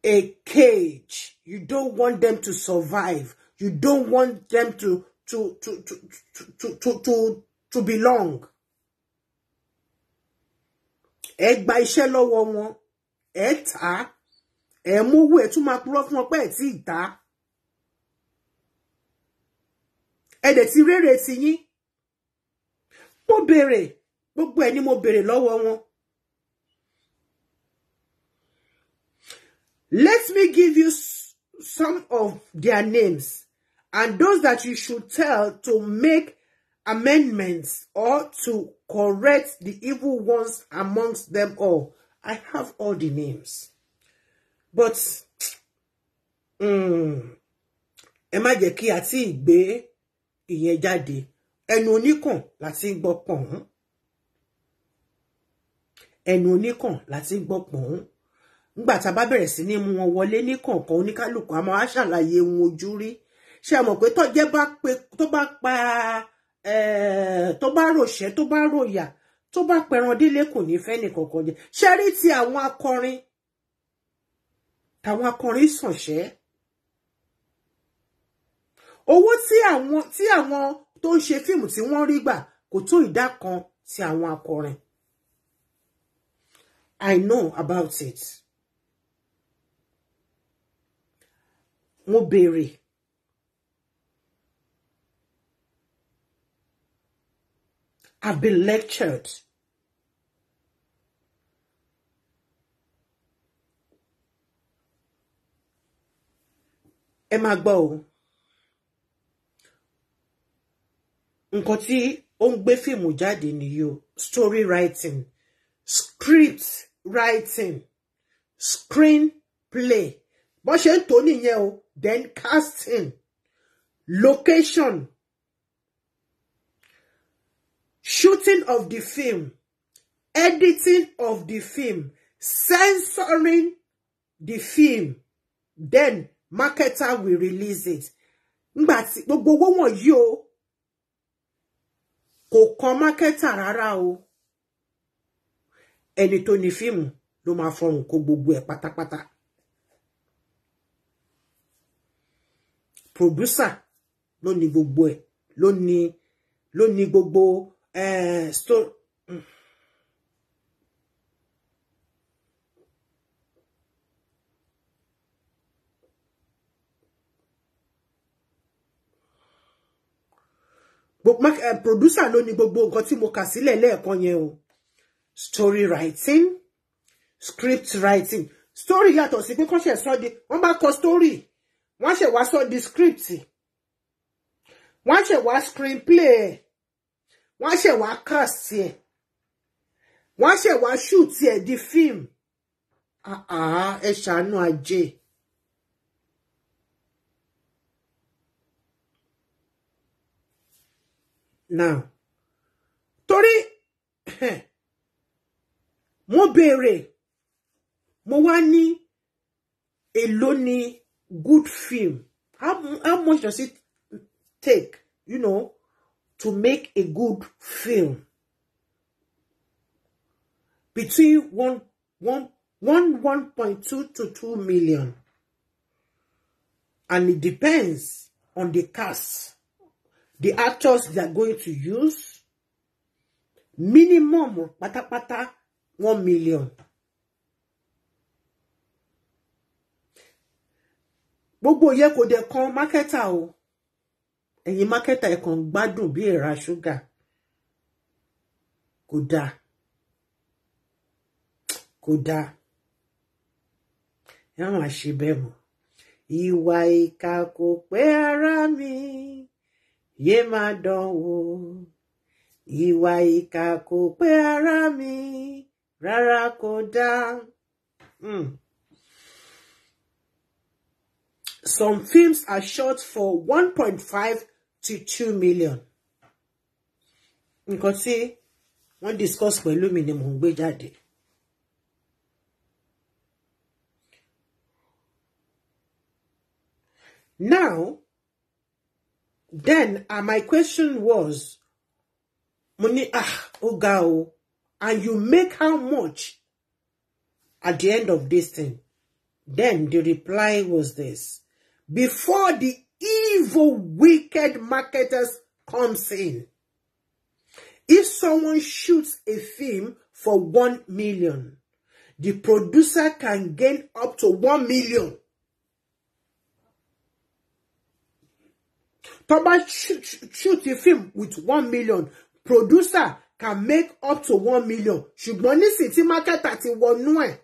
a cage. You don't want them to survive. You don't want them to to to to to to to, to belong. Ẹ gba iṣẹ́ lọ́wọ́ wọn, ẹ tà á, ẹ mówó ẹ tún máa purọ́ fún wọn pé ẹ tí ì tà á. Ẹ dẹ̀ ti rere ti yín. Mo béèrè, gbogbo ẹ̀ ni mo béèrè lọ́wọ́ wọn. Let me give you some of their names and those that you should tell to make amendments or to correct the evil ones amongst them all. I have all the names. But, mm, ẹ má jẹ́ kí a ti gbé ìyẹn jáde. Ẹnu lati láti ń gbọ́ pọ̀n. Ẹnu nígbà tá a bá bẹ̀rẹ̀ sí ní mú wọn wọlé ní kọ̀ọ̀kan oníkálùkù a máa ṣàlàyé wọn ojú rí ṣe mọ̀ pé tọ́jẹ́ bá pe tó bá pa tó bá ròṣẹ́ tó bá ròyà tó bá pẹran délé kò ní fẹ́ nìkankan jẹ ṣe rí ti àwọn akọrin tàwọn akọrin sànṣẹ́ owó tí àwọn tí àwọn tó ń ṣe fíìmù tí wọ́n rí gbà kò tó ìdá kan ti àwọn akọrin I know about it. mo béèrè I've been lectured. ẹ máa gbọ́ o nǹkan tí ó ń gbé fíìmù jáde nìyí o story writing script writing screen play bọ́n ṣe ń tò nìyẹn o then casting, location, shooting of the film, editing of the film, censoring the film, then marketer will release it. But tí gbogbo owó wọ̀nyí o, kò kan marketer rárá o. Ẹni tó ni fíìmù ló máa fọrùn kó gbogbo ẹ̀ pátápátá. producer ló ni gbogbo ẹ̀ ló ní ló ní gbogbo eh, story. Mm. Eh, producer ló ni gbogbo nǹkan tí mo kà sílẹ̀ lẹ́ẹ̀kan yẹn o story writing script writing story yàtọ̀ sí pé kọ́ṣẹ́ sọ́dí wọ́n bá kọ story wọ́n ṣe wá sọ di script wọ́n ṣe wá screenplay ẹ̀ wọ́n ṣe wá cast ẹ̀ wọ́n ṣe wá shoot ẹ̀ di film ẹ ṣàánú ajé. now torí mo béèrè mo wá ní èló ni good film how, how much does it take you know to make a good film between one one one one point two to two million and it depends on the cast the actors they are going to use minimum pátápátá one million gbogbo yẹ kò dẹ̀ kan mákẹ́tà o ẹ̀yin mákẹ́tà ẹ̀ kàn gbádùn bí èèrà ṣúgà kò dáa kò dáa ẹ má ṣe bẹ́ẹ̀ mọ́ ìwà ìkà kò pé ara mi yé máa dán wò ìwà ìkà kò pé ara mi rárá kò dáa. Mm some films are shot for 1.5 to 2 million. Nǹkan tí wọ́n discuss pẹ̀lú mi ni mò ń gbé jáde. Now, then uh, my question was, Muni, ah, Ogao, and you make how much at the end of this thing? Then the reply was this before the evil, wicked marketers comes in. If someone shoots a film for one million, the producer can gain up to one million. Toba shoot, shoot a film with one million. Producer can make up to one million. Should money tí market ti one ẹ̀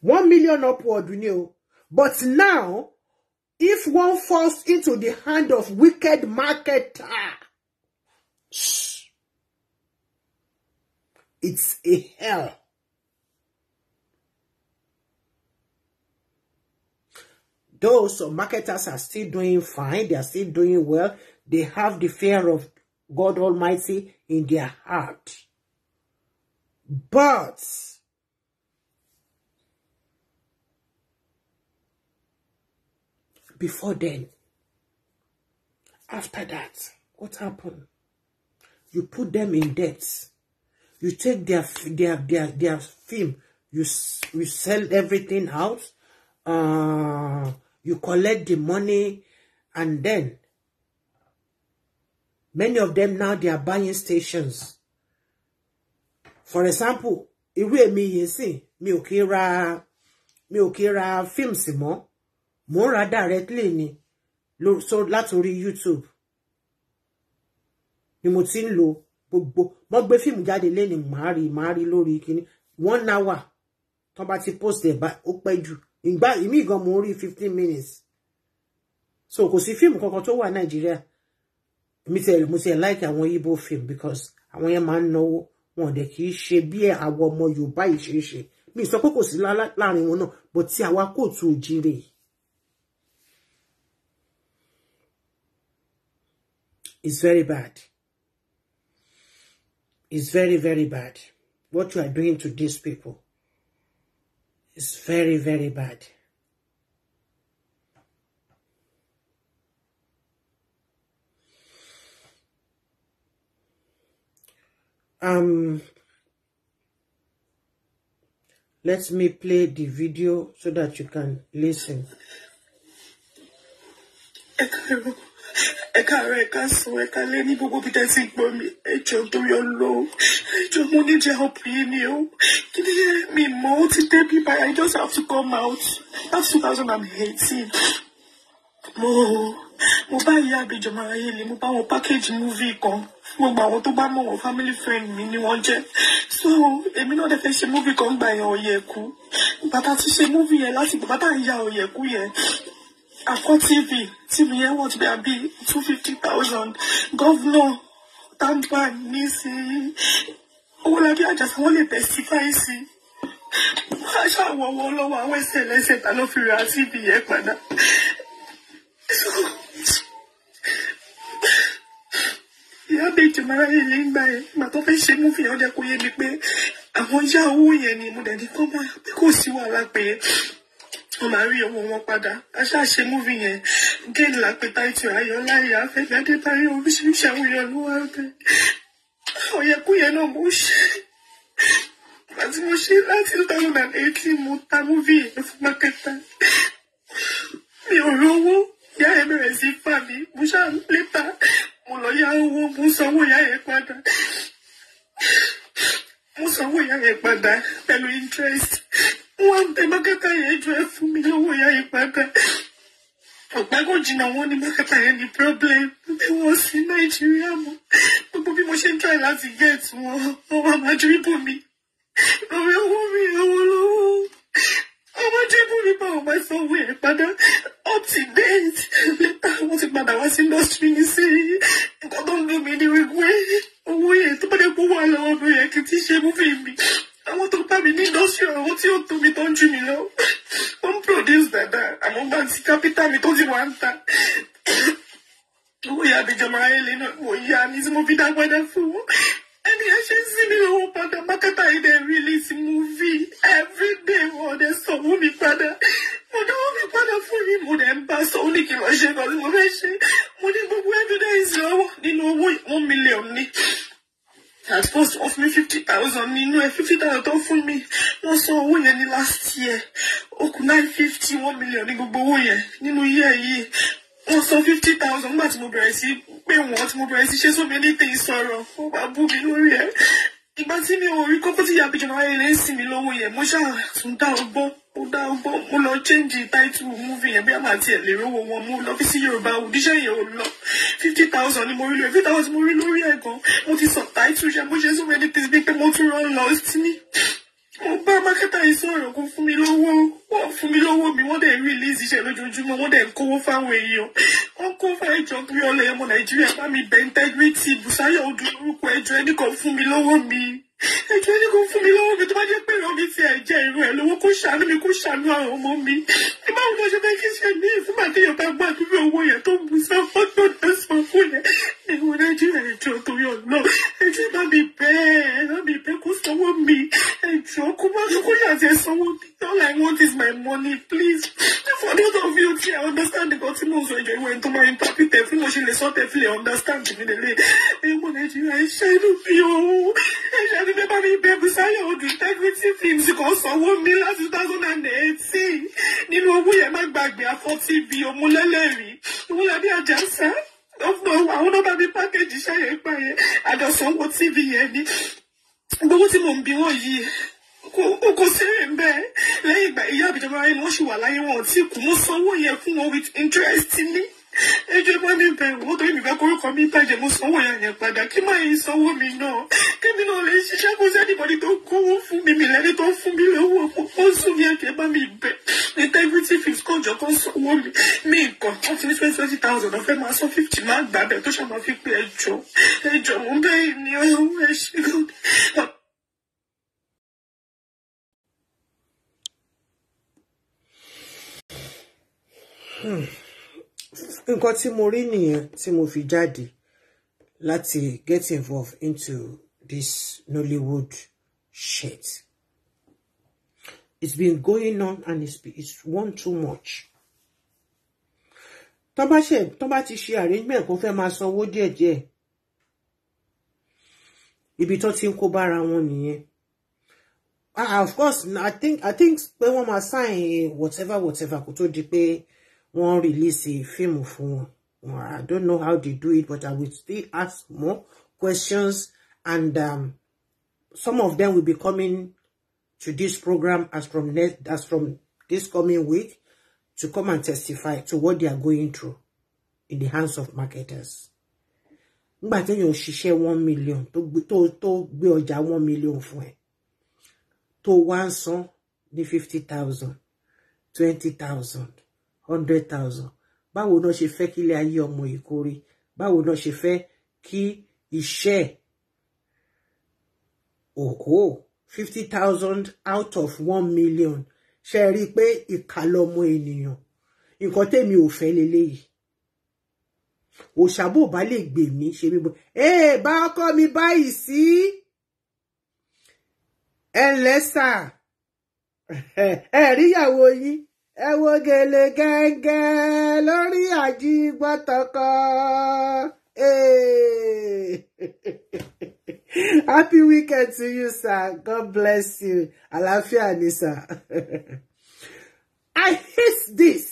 one million upward ni o but now if one falls into the hand of wicked marketer it's a hell. Those some marketers are still doing fine, they are still doing well, they have the fear of God Almighty in their heart. But before then. After that, what happened? You put them in debt. You take their their their their film. You you sell everything out. Uh, you collect the money, and then many of them now they are buying stations. For example, if we yìí you see ò kí ra mi mo rà directly ni so látòrí YouTube ni mo ti ń lo gbogbo bọ́n gbé fíìmù jáde lé ní màá rí màá rí lórí kíní one hour tó bá ti post ẹ̀ bá ó pẹ́ jù ìgbà ìmí gan mo ń rí fifteen minutes so kò sí fíìmù kankan tó wà Nàìjíríà mi ti mo ti like àwọn Igbo film because àwọn yẹn máa ń náwó wọn dẹ̀ kì í ṣe bí àwọn ọmọ Yorùbá yìí ṣe é ṣe mi sọ pé kò sí láàrin wọn náà bó ti àwa kóòtù òjire yìí It's very bad. It's very, very bad. What you are doing to these people is very, very bad. Um, let me play the video so that you can listen. ẹ káàárọ̀ ẹ káàsán ẹ káalẹ́ ní gbogbo bí tẹsí gbọ́ mi ẹ jọ̀ọ́ torí Ọlọ́run ẹ jọ̀ọ́ mo ní jẹ help yín ni o kí ni mi mọ ó ti dé bí báyìí I just have to come out that's two thousand and eighteen mo mo bá ìyá àbíjọ máa yé lè mo bá wọn package movie kan gbogbo àwọn tó bá mọ̀ wọn family friend mi ni wọ́n jẹ́ so èmi náà dẹ̀ fẹ́ ṣe movie kan gbà yẹn ọ̀yẹ̀kú bàtà ti ṣe movie yẹn lásìkò bàtà ń ya ọ̀yẹ̀kú yẹn akọ tv tv yẹn wọ́n ti bí àbí two fifty thousand gọ́vnọ̀ tàǹbà nísìnyí Owólabí Àjàsà wọ́n lè testify sí i wọ́n á ṣàwọ̀wọ́ lọ́wọ́ àwọn ẹsẹ̀ lẹ́sẹ̀ ta ló fi ra tv yẹn padà. ìyá méjì mara yìí lè gbà yẹn ìgbà tó fẹ́ ṣe mú fìyàn jẹ́ kó yé mi pé àwọn yá owó yẹn ni mo dẹ̀ ní kọ́ máa pé kò sí wàhálà pé wọn máa rí owó wọn padà aṣáṣe múvi yẹn gain lápẹtáìtì ayọ̀láyà afẹ́fẹ́ adébáyé oríṣiríṣi àwọn èèyàn ló wá bẹ ọ̀yẹ̀kúyẹ náà mo ṣe àti mo ṣe láti two thousand and eighteen mo ta múvi yẹn fún mákẹ́tà mi ò rówó ìyá yẹn bẹ̀rẹ̀ sí fà mí mo ṣáà lépa mo lọ yá owó mo sanwó ìyá yẹn padà mo sanwó ìyá yẹn padà pẹ̀lú interest wọ́n ń tẹ mákàtà yẹn jọ ẹ fún mi lọ́wọ́ ìyá yìí padà ọ̀gbágò jìnnà wọn ni mákàtà yẹn ní problem bí wọ́n sí nàìjíríà mọ́ gbogbo bí mo ṣe ń tọ́ ẹ̀ láti get wọn wọn wà máa ju ibò mi ọ̀rẹ́ owó mi ìrànwọ́ lọ́wọ́ ọmọ jébù mi bá ọmọ ẹ̀sọ́ owó ẹ̀ padà up to date lẹ́tà mo ti padà wá sí industry yìí sí nǹkan tó ń dùn mí ní wíwé owó yẹn tó bá dẹ́ kó wà lọ́wọ́ mi yẹn kì í ti ṣe mú fi mi àwọn tó bá mi ní indọ́sítì ọ̀rọ̀ tí ó tó mi tó ń jù mí lọ ó ń produce dada àmọ́ bá ti kápítà mi tó ti wà ń ta owó ìyá àbíjọba ayẹlẹ náà wò yá mi tí mo fi dágbádá fún wọn ẹni ẹ ṣe ń sinmi owó padà mákàtà yìí dẹ release movie everyday wọn dẹ sọwọ́ mi padà mo dáwọ́ mi padà fún mi mo dẹ̀ ń bá sọ ó ní kí n lọ ṣe kọ́ tí mo fẹ́ ṣe mo ní gbogbo everyday is lọ́wọ́ nínú owó one million ni at supposed to offer me fifty thousand nínú ẹ̀ fifty thousand tó fún mi wọ́n san owó yẹn ní last year ó kù nine fifty one million ní gbogbo owó yẹn nínú year yìí wọ́n san fifty thousand nígbà tí mo bẹ̀rẹ̀ sí pé wọ́n tí mo bẹ̀rẹ̀ so many things sọ̀rọ̀ Oh, my bú mi lórí ẹ̀ ìgbà tí mi ò rí kókó tí ìyá píjọba ayẹyẹ ń sin mi lọ́wọ́ yẹn mo ṣáà tún dá ọgbọ́ mo dá ọgbọ́ mo lọ change title movie yẹn bí a máa tiẹ̀ lè rówó wọn mo lọ fi sí yorùbá òdíṣẹ́ yẹn ò lọ fifty thousand ni mo rí lórí fifty thousand mo rí lórí ẹ̀ gan mo ti sọ title ṣe mo ṣe so many things bíi pé mo tún rán lọ sí mi mo bá mákẹ́tà yìí sọ̀rọ̀ kó fún mi lọ́wọ́ wọ́n fún mi lọ́wọ́ mi wọ́n dẹ̀ release iṣẹ́ lójoojúmọ́ wọ́n dẹ̀ kówó fáwọn èèyàn ọkọ fẹ́ jọ bí ọlọ ẹmọ nàìjíríà bá mi bẹ integrity Bùsáyọ̀ Odù lórúkọ ẹjọ́ ẹni kan fún mi lọ́wọ́ mi ẹjọ́ ẹni kan fún mi lọ́wọ́ mi tó bá jẹ́ pé ìran mi ti ẹjẹ irú ẹ lọ́wọ́ kó ṣàánú mi kó ṣàánú àwọn ọmọ mi ẹ báwo lọ ṣe fẹ́ kí ṣe ní ìfúnmà téèyàn bá gbà lórí owó yẹn tó bù sá fọtò náà sọ fún yẹn ẹwọn nàìjíríà ẹjọ́ torí ọlọ ẹjọ́ bá mi bẹ ẹ bá mi bẹ kó sanwó mi ẹjọ́ kó má kó yàtẹ All I want is my money, please. For those of you tí I understand nǹkan tí mò ń sọ ìjọ ìwé tó máa interpret ẹ̀ fún mo ṣe lè sọ tẹ̀ fi lè understand mi lélẹ̀. Ẹ mọ̀ Nàìjíríà ẹ ṣàánú bí òun. Ẹ ṣàánú bí bàbá mi bẹ̀rù sáyẹ̀ odò integrity films kan sanwó mi láti two thousand and eighteen. Nínú owó yẹn má gbàgbé afọ́tí bíi òmùlẹ́lẹ́rìí. Ìwúlẹ̀ ajá sá. Àwọn náà want to pákéjì ṣàyẹ̀ gbà yẹn. Àjọsánwó TV yẹn ni. Gbogbo tí mò ń bí wọ̀nyí kò kò sí rẹ̀ bẹ́ẹ̀ lẹ́yìn ìgbà ìyá àbíjọba ayé ni wọ́n ṣì wà láyé wọn tí kù mo sanwó yẹn fún wọn with interest ní ẹjọ́ bá mi bẹ̀ wọ́n torí mi fẹ́ korúkọ mi bàjẹ́ mo sanwó yẹn yẹn padà kí má yẹn sanwó mi náà kébí náà lè ṣiṣẹ́ kó sẹ́ni bọ́dí tó kówó fún mi mi tó fún mi lówó ó sùn ní ẹ̀jẹ̀ bá mi bẹ̀ integrity fees kó jọ kó sanwó mi mi nǹkan wọ́n ti ní twenty twenty thousand ọ̀fẹ́ máa san fifty máa gbà bẹ̀ tó ṣàmà fi pé ẹjọ́ ẹjọ́ mo bẹ́ẹ̀ ni ọ̀hún ẹ̀ ṣe nǹkan tí mo rí nìyẹn tí mo fi jáde láti get involved into this Nollywood shit it's been going on and it's, been, it's one too much tó bá ṣe tó bá ti ṣe arrangement kó fẹ́ máa sanwó díẹ̀díẹ̀ ibi tó ti ń kó bára wọn nìyẹn ah of course i think i think pé wọ́n máa sign whatever whatever kó tó di pé. One release a film fún wọn. I don't know how they do it, but I will still ask more questions. And um, some of them will be coming to this program as from next, as from this coming week to come and testify to what they are going through in the hands of marketers. Nígbà tí èèyàn ṣiṣẹ́ one million tó gbé ọjà one million fún ẹ tó wá ń san ní fifty thousand twenty thousand hundred thousand báwo náà ṣe fẹ́ kílé ayé ọmọ yìí kó rí báwo náà ṣe fẹ́ kí iṣẹ́ òkó fifty thousand out of one million ṣe rí i pé ìkà lọmọ ènìyàn nǹkan tèmi ò fẹ́ leléyìí òṣàbò bá lè gbè mí ṣe mí bọ ẹ bá ọkọ mi báyìí sí ẹ lẹ́sà ẹ ríyàwó yín ẹ gèlè gẹ́gẹ́ lórí àjígbọ́tọ̀kọ. happy weekend to you sir god bless you àlàáfíà ni sir. i hate this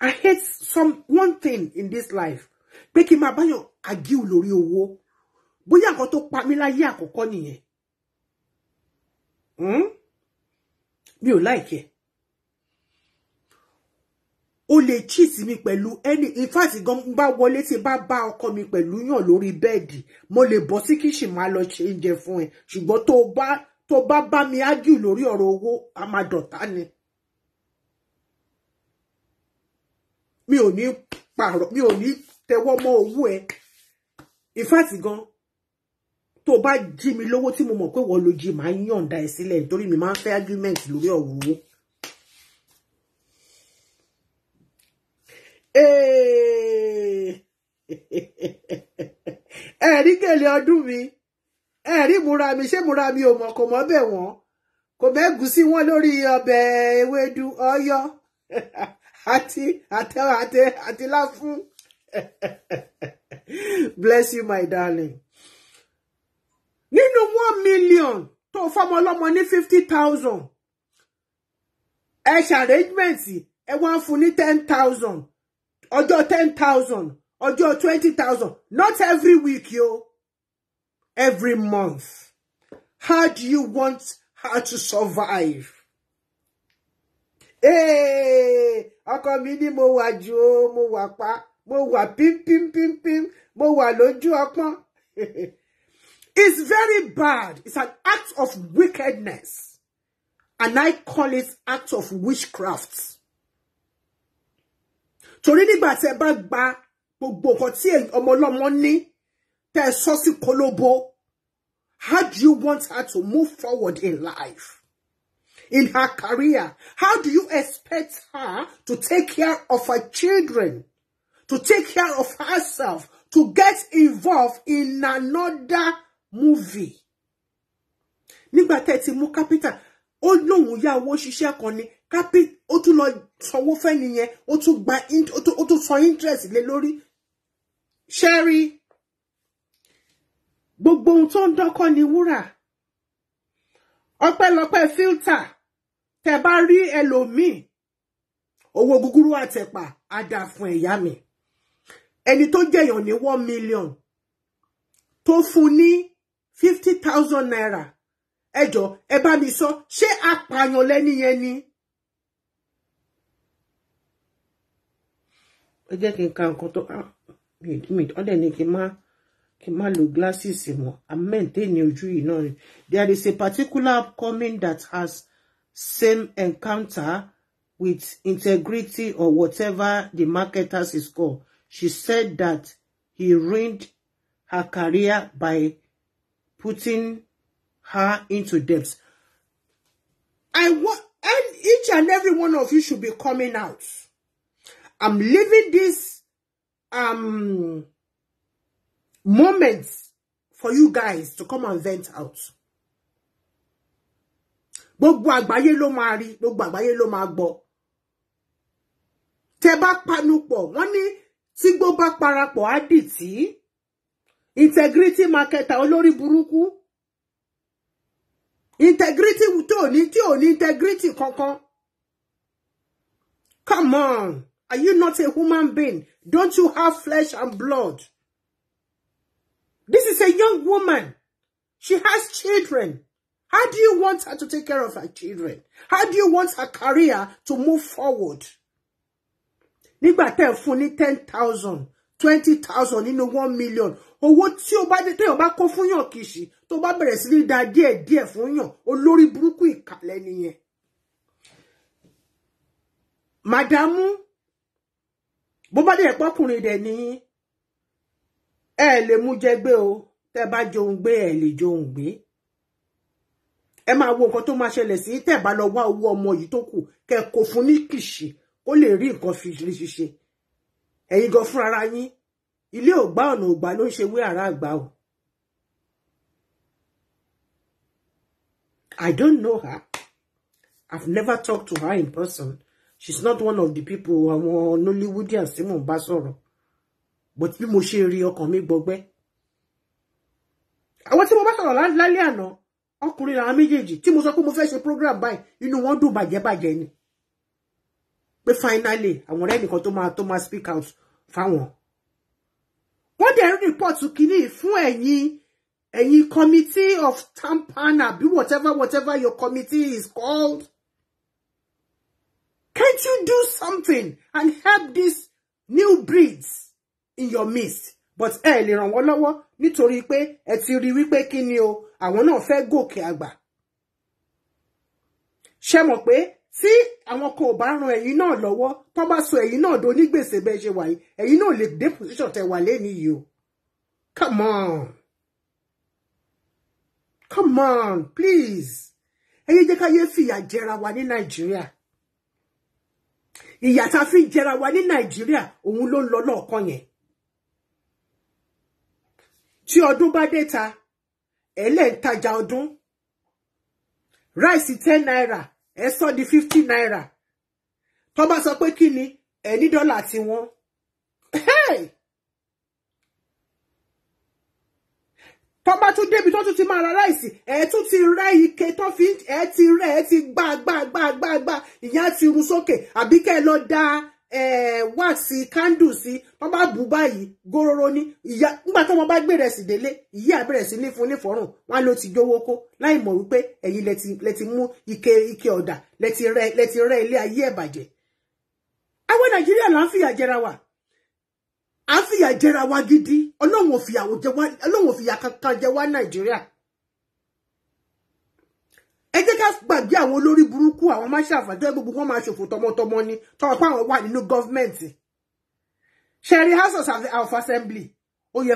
i hate some one thing in this life pé kí n máa báyọ̀ àgíù lórí owó bóyá nǹkan tó pa mí láyé àkọ́kọ́ nìyẹn hmm? mi ò láìkẹ́ o le cheat mi pẹ̀lú any in fact gan bá wọlé tí bá bá ọkọ mi pẹ̀lú yàn lórí bẹ́ẹ̀dì mo lè bọ́ sí kíṣì máa lọ ṣe oúnjẹ fún ẹ ṣùgbọ́n tó bá tó bá bá mi ágìl lórí ọ̀rọ̀ owó a máa dọ̀tá ni. mi ò ní pààrọ̀ mi ò ní tẹwọ́ mọ́ owó ẹ in fact gan tó bá jí mi lówó tí mo mọ̀ pé wọ́n ló jí máa ń yọ̀ǹda ẹ̀ sílẹ̀ nítorí mi máa ń fẹ́ argument lórí ọ̀rọ̀ owó. ẹ̀rí gèlè ọdún mi ẹ̀rí múra mi ṣé múra mi ò mọ̀ kò mọ́ bẹ̀ wọ́n kò bẹ́gùsí wọn lórí ọbẹ̀ ewédú ọ̀yọ́ àti àtẹ àtẹ àti láfún bless you my darling nínú one million tó fọmọ ọlọ́mọ ní fifty thousand ẹ arrangement ẹ wá fún ní ten thousand ọjọ́ ten thousand ọjọ́ twenty thousand not every week yo every month how do you want her to survive? Hey, ọkọ mi ní mo wà jù ó mo wà pa mo wà pímpímpímpím mo wà lójú ọpọ́n. It's very bad. It's an act of wickedness. And I call it act of witchcraft torí nígbà tí ẹ bá gba gbogbo nǹkan tí ọmọ ọlọ́mọ ní tẹ́ ẹ sọ sí kólóbó how do you want her to move forward in life in her career how do you expect her to take care of her children to take care of herself to get involved in another movie nígbà tẹ́ ẹ ti mú capital ó lóun yá owó ṣiṣẹ́ kan ni kápí ó tún lọ sanwó fẹ́ni yẹn ó tún gba ó tún san interest lé lórí ṣẹ́rí gbogbo ohun tó ń dọ́kọ́ ni wúrà ọpẹ́lọpẹ́ fíltà tẹ bá rí ẹlòmíì owó gúgúrú àtẹ̀pà á fún ẹ̀yà mi ẹni tó jẹ̀yàn ní one million tó fún ní fifty thousand naira ẹjọ ẹ bá mi sọ ṣé apààyàn lẹ́ni yẹn ni. Yeni ẹ jẹ́ kí n ka nǹkan tó wọ́n dẹ̀ kí n má kí n má lo glasses mọ́ i maintain ojú yìí náà ni there is a particular upcoming that has same encounter with integrity or whatever the marketers is called she said that he ruined her career by putting her into debt i want and each and every one of you should be coming out. I'm leaving this um moment for you guys to come and vent out. Gbogbo àgbáyé ló máa rí, gbogbo àgbáyé ló máa gbọ́. Tẹ́ bá panupọ̀, wọ́n ní tí gbó bá parapọ̀ á Integrity marketa olori buruku. Integrity tó ní ti ò ní integrity kankan. Come on. Are you not a human being? Don't you have flesh and blood? This is a young woman. She has children. How do you want her to take care of her children? How do you want her career to move forward? Nígbà tẹ́ ẹ̀ fún ní ten thousand twenty thousand nínú one million owó tí o bá dé téèyàn bá kó fún yàn kìsì tó bá bẹ̀rẹ̀ sí ní da díẹ̀ díẹ̀ fún yàn olórí burúkú ìkàlẹ̀ nìyẹn. Màdàmú bó bá dẹ̀ pọ́kùnrin dẹ̀ ní ẹ lè mú jẹ gbé o tẹ́ bá jòun gbé ẹ lè jòun gbé ẹ máa wo nǹkan tó máa ṣẹlẹ̀ sí tẹ́ bá lọ wá owó ọmọ yìí tó kù kẹ́ kó fún ní kìṣì kó lè rí nǹkan fi rí ṣiṣe ẹ̀yin gan fún ara yín ilé ògbà ọ̀nà ògbà ló ń ṣe wé ara àgbà o I don't know her I've never talked to her in person she's not one of the people àwọn Nollywoodians tí mò ń bá sọ̀rọ̀ but bí mo ṣe rí ọkàn mi gbọgbẹ́ àwọn tí mo bá sọ̀rọ̀ lálẹ́ àná ọkùnrin làwọn méjèèjì tí mo sọ pé mo fẹ́ ṣe program báyìí inú wọn dùn bàjẹ́ bàjẹ́ ni pé finally àwọn ọ̀rẹ́ nìkan tó máa tó máa speak out fáwọn wọ́n dẹ̀ ń report kínní fún ẹ̀yin ẹ̀yin committee of tampan àbí whatever whatever your committee is called Can't you do something and help these new breeds in your midst? But eh, lè ràn wọ́n lọ́wọ́ nítorí pé ẹ ti rí wípé kí ni o, àwọn náà fẹ́ gòkè àgbà. Ṣé mọ̀ pé tí àwọn kan ò bá ran ẹ̀yin náà lọ́wọ́ tó bá sọ ẹ̀yin náà do onígbèsè bẹ́ẹ̀ ṣe wà yìí, ẹ̀yin náà lè dé pòsíṣọ̀ tẹ wà lẹ́ni yìí Come on. Come on, please. Ẹ yé deka ye fi fìyà jẹra wa ní Nàìjíríà ìyà tá a fi ń jẹra wa ní nàìjíríà òun ló ń lọ lọ́ọ̀kan yẹn tí ọdún bá dé ta ẹlẹ́ǹtajà ọdún ráìsì ten naira ẹ sọ di fifty naira tó bá sọ pé kí ni ẹni dọ́là tiwọn. Hey! tó bá tún débi tó tún ti máa ra ráìsì ẹ tún ti rẹ ike tó fi ẹ ti rẹ ẹ ti gbá gbá gbá gbá gbá ìyá ti ru sókè àbí kẹ́ lọ da wáàsì kándù sí wọn bá bù báyìí gòròrò ní ìyá nígbà tó wọn bá gbé rẹsì délé ìyá bẹ̀rẹ̀ sí ní fún ní fọrùn wọn ló ti jówó kó láì mọ̀ wípé ẹ̀yin lẹ ti mú ike ike ọ̀dà lẹ ti rẹ ilé ayé ẹ̀ bàjẹ́ àwọn Nàìjíríà là ń fìyà jẹra wa à ń fìyà jẹra wa gidi ọlọ́run ò fìyà jẹ wá ọlọ́run ò fìyà kankan jẹ wá nàìjíríà ẹ jẹ́ ká gbàgbé àwọn olórí burúkú àwọn máṣàfà tó yẹ gbogbo wọn máa ṣòfò tọmọtọmọ ni tọwọ́ pé àwọn wà nínú gọ́fmẹ̀ntì ṣẹ̀rí house of assembly ó yẹ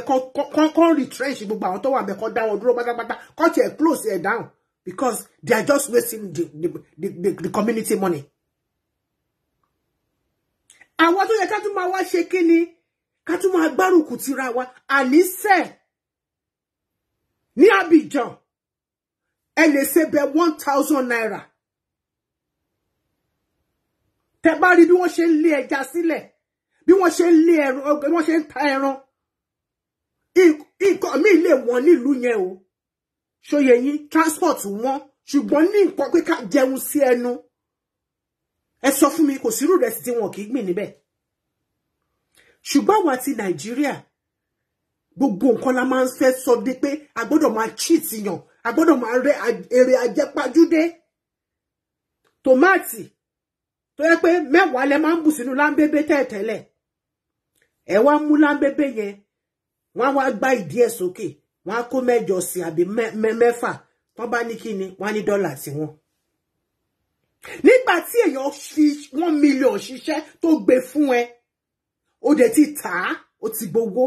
kán retrench gbogbo àwọn tó wà bẹ́ẹ̀ kán dá wọn dúró pátápátá kán tiẹ̀ close ẹ̀ down because they are just wasting the, the, the, the, community money. àwọn tó yẹ ká tún máa wá ṣe kí ká tún máa gbárùkù tira wa àníṣe ní Abidjan ẹ lè ṣe bẹ one thousand naira tẹ bá rí bí wọ́n ṣe ń lé ẹja sílẹ̀ bí wọ́n ṣe ń lé ẹran bí wọ́n ṣe ń ta ẹran nǹkan míì lè wọ́n nílùú yẹn o ṣòye yín transport wọ́n ṣùgbọ́n ní nǹkan pé ká jẹun sí ẹnu ẹ sọ fún mi kò sírú rẹ̀ sí tí wọn kì í gbìn níbẹ̀ ṣùgbọ́n àwa ti nàìjíríà gbogbo nǹkan la máa ń fẹ́ sọ de pé a gbọ́dọ̀ máa cheat yàn a gbọ́dọ̀ máa rẹ èrè ajẹpajúdé tòmáàtì tó yẹ pé mẹ́wàá lẹ máa ń bù sínú láńbébé tẹ́ẹ̀tẹ́lẹ̀ ẹ wá mú láńbébé yẹn wọ́n á wá gbá ìdí ẹ̀ sókè wọ́n á kó mẹ́jọ sí àbí mẹ́fà wọ́n bá ní kí ni wọ́n á ní dọ́là tiwọn nígbà tí èèyàn fi one million ṣiṣẹ́ tó gbé fún ẹ ó dẹ̀ ti tà á ó ti gbowó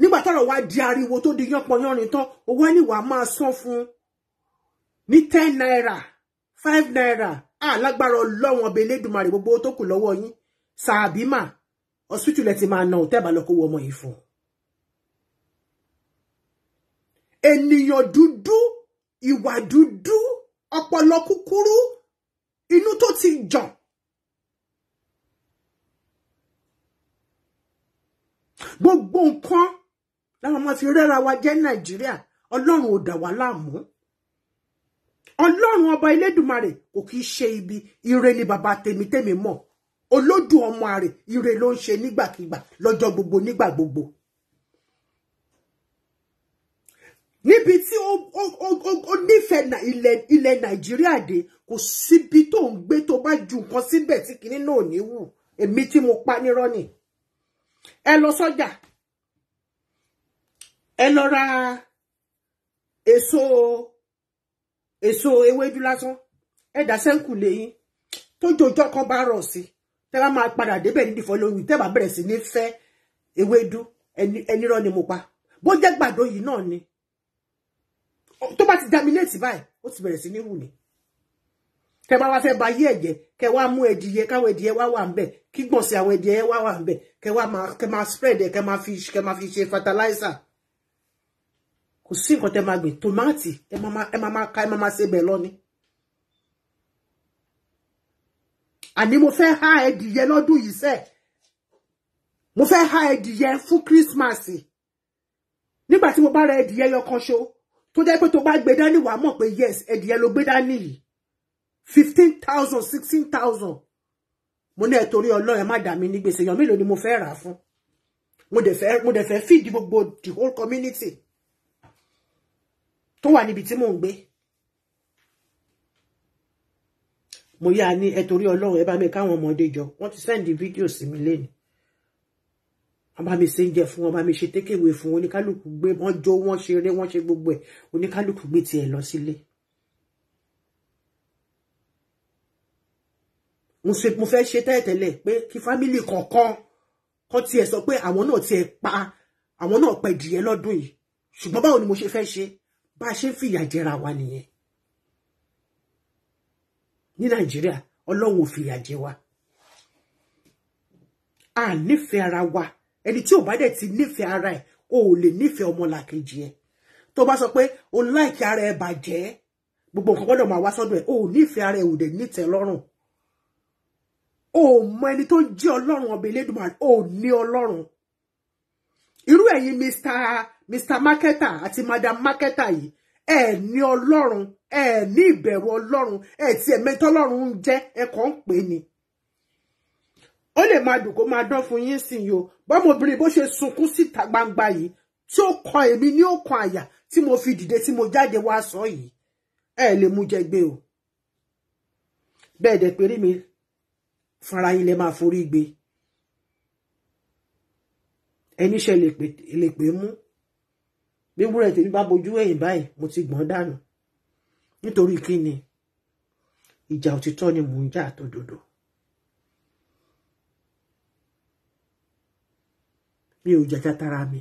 nígbà tọ́rọ̀ wá di ariwo tó di yánpọnyánrin tán ó wá máa san fún ní ten naira five naira alágbára ọlọ́wọ́n ọbẹ̀ elédùnmarè gbogbo tó kù lọ́wọ́ yín sàbímà hospital ẹ̀ ti máa na òtẹ́bà lọ́kọ̀ wọ ọmọ yìí fún ènìyàn dúdú ìwà dúdú ọpọlọ kúkúrú inú tó ti jàn gbogbo nǹkan láwọn ọmọ fi rẹ́ra wa jẹ́ nàìjíríà ọlọ́run ò dà wá láàmú ọlọ́run ọba elédùmarè kò kìí ṣe ibi ire ni bàbá tèmítèmí mọ̀ olódù ọmọ àrè ire ló ń ṣe nígbàkigbà lọ́jọ́ gbogbo nígbà gbogbo níbi tí ó nífẹ̀ẹ́ ilẹ̀ nàìjíríà dé kò síbi tó ń gbé tó bá ju nǹkan síbẹ̀ tí kinní náà ò ní wù èmi tí mo pa nírọ́ nìí ẹ lọ sọ́jà ẹ lọ ra èso èso ewédú lásán ẹ dà sẹ́ńkù lẹ́yìn tó jòjọ́ kan bá rọ̀ sí tẹ́ bá máa padà débẹ̀ nídìí fọ́ lóyún tẹ́ bá bẹ̀rẹ̀ sí ní fẹ́ ewédú ẹni rọ́ ni mo pa bó jẹ́ gbàdo yìí náà ni tó bá ti germinate báyìí ó ti bẹ̀rẹ̀ sí ní hù ni tẹ́ bá wá fẹ́ ba yí ẹ̀jẹ̀ kẹ́ wá mú ẹdìyẹ káwọn ẹdìyẹ wá wà ń bẹ̀ kí gbọ̀nsẹ̀ àwọn ẹdìyẹ wá wà ń bẹ̀ Que wa ma que ma spread que ma máa que ma máa fi ṣe fertilizer kò sí nǹkan tẹ máa gbìn tòmátì ẹ máa ẹ máa ka ẹ máa máa ṣe bẹ́ẹ̀ lọ ni. àní mo fẹ́ há ẹdìyẹ lọ́dún yìí sẹ́ mo fẹ́ há ẹdìyẹ fún Christmas nígbà tí mo bá ra ẹdìyẹ yọ kan ṣo tó jẹ́ pé tó bá gbé dání wàá mọ̀ pé yes ẹdìyẹ ló gbé dání yìí fifteen thousand sixteen thousand mo ní ẹ torí Ọlọ́run má dà mí ní gbèsè èèyàn mélòó ni mo fẹ́ rà fún mo dẹ̀ fẹ́ mo dẹ̀ fẹ́ feed gbogbo the whole community tó wà níbi tí mò ń gbé mo yá ní ẹ torí Ọlọ́run ẹ bá mi káwọn ọmọdé jọ wọ́n ti send fídíò sí mi lẹ́nu wọ́n bá mi ṣe ń jẹ fún wọn bá mi ṣe tékèwé fún oníkálùkù gbé wọ́n jó wọ́n ṣeré wọ́n ṣe gbogbo ẹ̀ oníkálùkù gbé tiẹ̀ lọ sílé. Si mo fẹ́ ṣe tẹ́lẹ̀tẹ́lẹ̀ pé kí fámílì kọ̀ọ̀kan kan tiẹ̀ sọ pé àwọn náà tiẹ̀ pa àwọn náà pa ìdìyẹ lọ́dún yìí ṣùgbọ́n báwo ni mo ṣe fẹ́ ṣe bá a ṣe ń fìyà jẹra wa nìyẹn ní nàìjíríà ọlọ́run ò fìyà jẹ wa a nífẹ̀ẹ́ ara wa ẹni tí ò bá dẹ̀ ti nífẹ̀ẹ́ ara ẹ̀ o ò lè nífẹ̀ẹ́ ọmọlàkejì ẹ̀ tó bá sọ pé o láìkí ara ẹ̀ bàjẹ́ gbogbo nǹkan gbọ́dọ̀ máa wá sọ́dọ̀ ẹ̀ o ò nífẹ̀ẹ́ ara ẹ̀ ò dẹ̀ nítẹ́ lọ́rùn o mọ ẹni tó jẹ́ ọlọ́run ọba elédùnmarè o ní ọlọ́run irú ẹ̀yin mr mr marketer àti madam marketer yìí ẹ ní ọlọ́run ẹ ní ìbẹ̀rù ọlọ́run ẹ ti ẹ̀mẹ́tọ́ ọlọ́run ń jẹ́ ẹ kàn ń pè ní. ó lè máa dùn kó máa dán fún yín sí yìí o bọ́mọbìnrin bó ṣe sunkún síta gbangba yìí tí ó kan èmi ní ó àyà tí mo fi dìde tí mo jáde wá sọ yìí ẹ lè mú jẹ gbé o bẹ́ẹ̀ dẹ̀ péré mi fara yín lẹ máa forí gbé ẹni ṣe lè pè mú bí wúrẹ̀ tèmi bá bojú ẹ̀yìn báyìí mo ti gbọ́n dànù nítorí kí ni ìjà òtítọ́ ni mò ń jà tòdodo. mi ò jàjà tara mi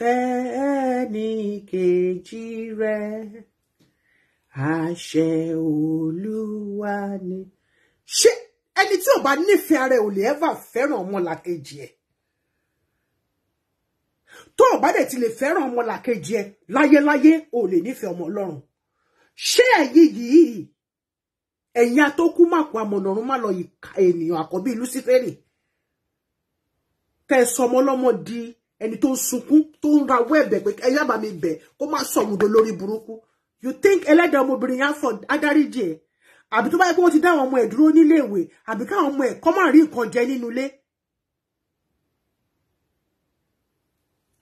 fẹ́ ẹnì kejì rẹ àṣẹ olúwa ni. ṣé ẹni tí ò bá nífẹ̀ẹ́ ara ẹ̀ ò lè ẹ́fà fẹ́ràn ọmọlàkejì ẹ̀ tó o bá dẹ̀ ti lè fẹ́ràn ọmọlàkejì ẹ̀ láyéláyé ò lè nífẹ̀ẹ́ ọmọ ọlọ́run ṣé ẹ̀yin yìí ẹ̀yin atókú màkù amọ̀nàrún má lọ ìka ènìyàn àkọ́bí lúsífẹ́rì tẹ́ sọmọ ọlọ́mọ di ẹni tó ń sunkún tó ń rawọ́ ẹ̀bẹ̀ pé ẹyá bá mi bẹ̀ kó má sọ̀rùn do lórí burúkú you think ẹlẹ́dàá ọmọbìnrin yẹn fọ adáríjì ẹ̀ àbí tó bá yẹ kó wọ́n ti dá àwọn ọmọ ẹ̀ dúró nílé ìwé àbí káwọn ọmọ ẹ̀ kọ́ máa rí nǹkan jẹ nínú ilé.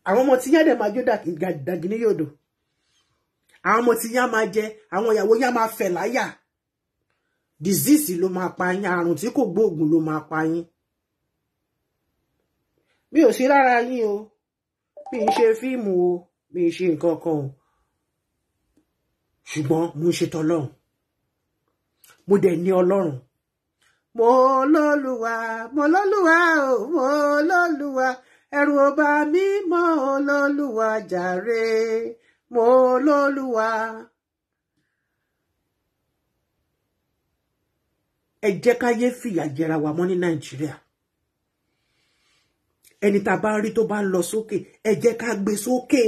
àwọn ọmọ tí yá dẹ̀ máa jó dàgínní yòdò àwọn ọmọ tí yá máa jẹ àwọn ìyàwó yá máa fẹ̀ láyà disease ló máa pa yín àrùn tí kò gbóògùn ló máa pa yín mi ò sí lára yín o mi ń ṣe fíìmù o mi ń ṣe nǹkan kan o ṣùgbọ́n mo ń ṣe tọlọ́run mo dẹ̀ ní ọlọ́run mo lọ́lùwà mo lọ́lùwà o mo lọ́lùwà ẹ̀rù ò bà mí mo lọ́lùwà jàre mo lọ́lùwà. ẹ jẹ́ ká yé fìyà jẹra wa mọ́ ní nàìjíríà ẹni tá a bá rí tó bá lọ sókè ẹ jẹ́ ká gbé sókè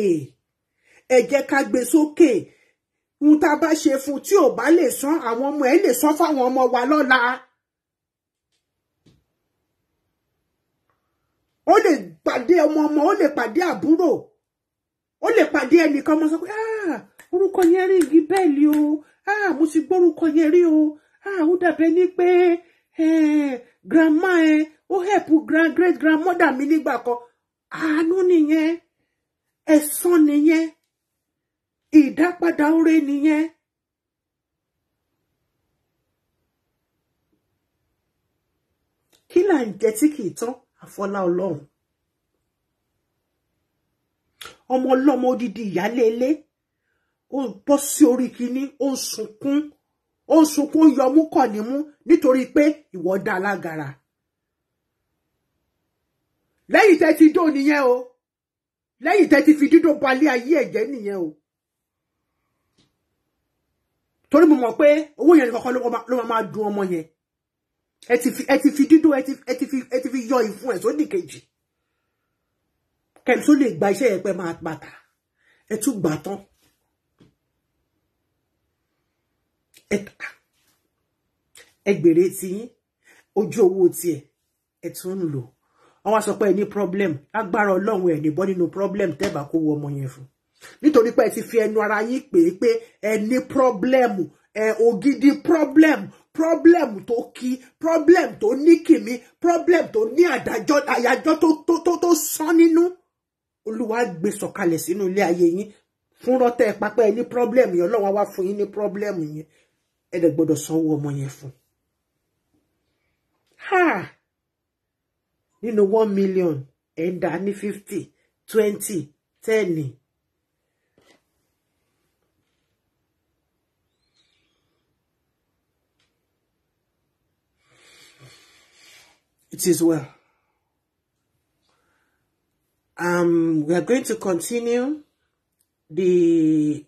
ẹ jẹ́ ká gbé sókè ohun tá a bá ṣe fún tí ò bá lè san àwọn ọmọ ẹ lè san fáwọn ọmọ wa lọ́la ó lè pàdé ọmọ ọmọ ó lè pàdé àbúrò ó lè pàdé ẹnìkan ọmọ sọ pé ah, orúkọ yẹn rí igi bẹ́ẹ̀lì o ah, mo ti gbọ́ yẹn rí o ah, ó dàbẹ́ ní pé eh, grandma ẹ ó help grand great grandmother mi nígbà kan àánú nìyẹn ẹ̀san nìyẹn ìdápadà oore nìyẹn. kí là ń jẹ tí kì í tán àfọlá Ọlọ́run ọmọ ọlọ́mọ odidi ìyálé ilé ó ń bọ́ sí orí kínní ó ń sunkún ó ń sunkún yọmú kọ nímú nítorí pé ìwọ dá lágara lẹ́yìn tẹ́ ti dó nìyẹn o lẹ́yìn tẹ́ ti fi dídó balẹ̀ ayé ẹ̀jẹ̀ nìyẹn o torí mo mọ̀ pé owó yẹn kọ́kọ́ ló máa máa dùn ọmọ yẹn ẹ ti fi ẹ ti fi dídó ẹ ti fi ẹ ti fi yọ ìfun ẹ̀ sódì kejì kẹ́mi tó lè gba iṣẹ́ yẹn pẹ́ máa bàtà ẹ tún gbà tán ẹ tà ẹ gbèrè tiyín ojú owó tiẹ̀ ẹ tún ń lò wọ́n wá sọ pé ẹ problem lágbára ọlọ́run ẹ̀ ní bọ́ nínú problem tẹ́bà kó wo ọmọ yẹn fún nítorí pé ẹ ti fi ẹnu ara yín pè é pé ẹ problem ẹ ògidì problem problem tó kí problem tó ní kìmí problem tó ní àdájọ́ àyájọ́ tó tó tó tó sán nínú olúwa gbé sọ̀kalẹ̀ sínú ilé ayé yín fún rọ́tẹ́ pápẹ́ ẹ problem yẹn ọlọ́run wá fún yín ní problem yẹn ẹ dẹ̀ gbọ́dọ̀ sanwó ọmọ yẹn fún. Ha! You know, one million then 50, 20, twenty ten. It is well. Um, we are going to continue the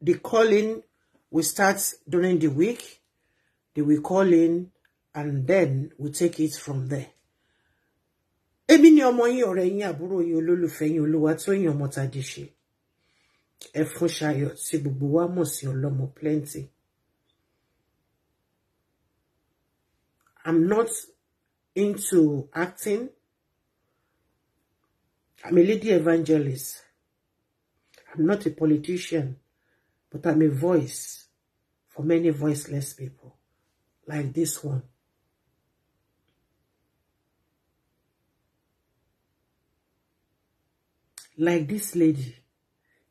the calling will start during the week. They will call in and then we take it from there. èmi ni ọmọ yín ọ̀rẹ́ yín àbúrò yín olólùfẹ́ yín Olúwatóyìn ọmọ Tádéṣe ẹ fún Ṣayọ̀ tí gbogbo wa mọ̀ sí ọlọ́mọ plenty i'm not into acting i'm a lady evangelist i'm not a politician but i'm a voice for many voiceless people like this one like this lady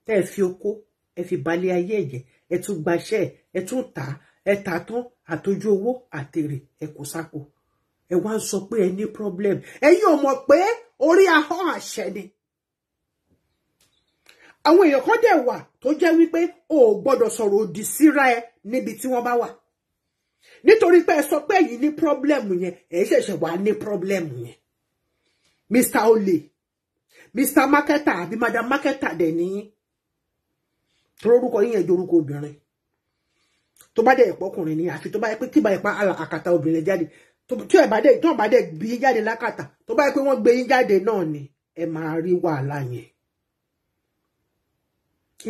tẹ́ ẹ fi okó ẹ fi balẹ̀ ayé ẹ̀jẹ̀ ẹ tún gbaṣẹ́ ẹ tún tà ẹ tà tán àtọ́jú owó àtèrè ẹ kò sáko ẹ wá ń sọ pé ẹ ní problem ẹ yóò mọ̀ pé orí ahọ́n àṣẹ ni àwọn èèyàn kan dẹ̀ wà tó jẹ́ wípé o ò gbọ́dọ̀ sọ̀rọ̀ òdì síra ẹ níbi tí wọ́n bá wà nítorí pé ẹ sọ pé ẹ̀yin ní problem yẹn ẹ ṣẹ̀ṣẹ̀ wà ní problem yẹn Mr. Olè mr marketer àbí madam marketer dẹ̀ ní torórúkọ yín yẹn jorúkọ obìnrin tó bá dẹ̀ ìpọkùnrin ni àfi tó bá yẹ pé tíba ìpa àkàtà obìnrin jáde tí ẹ bá dẹ̀ tí wọn bá dẹ̀ gbé yín jáde lákàtà tó bá yẹ pé wọ́n gbé yín jáde náà ni ẹ máa rí wàhálà yẹn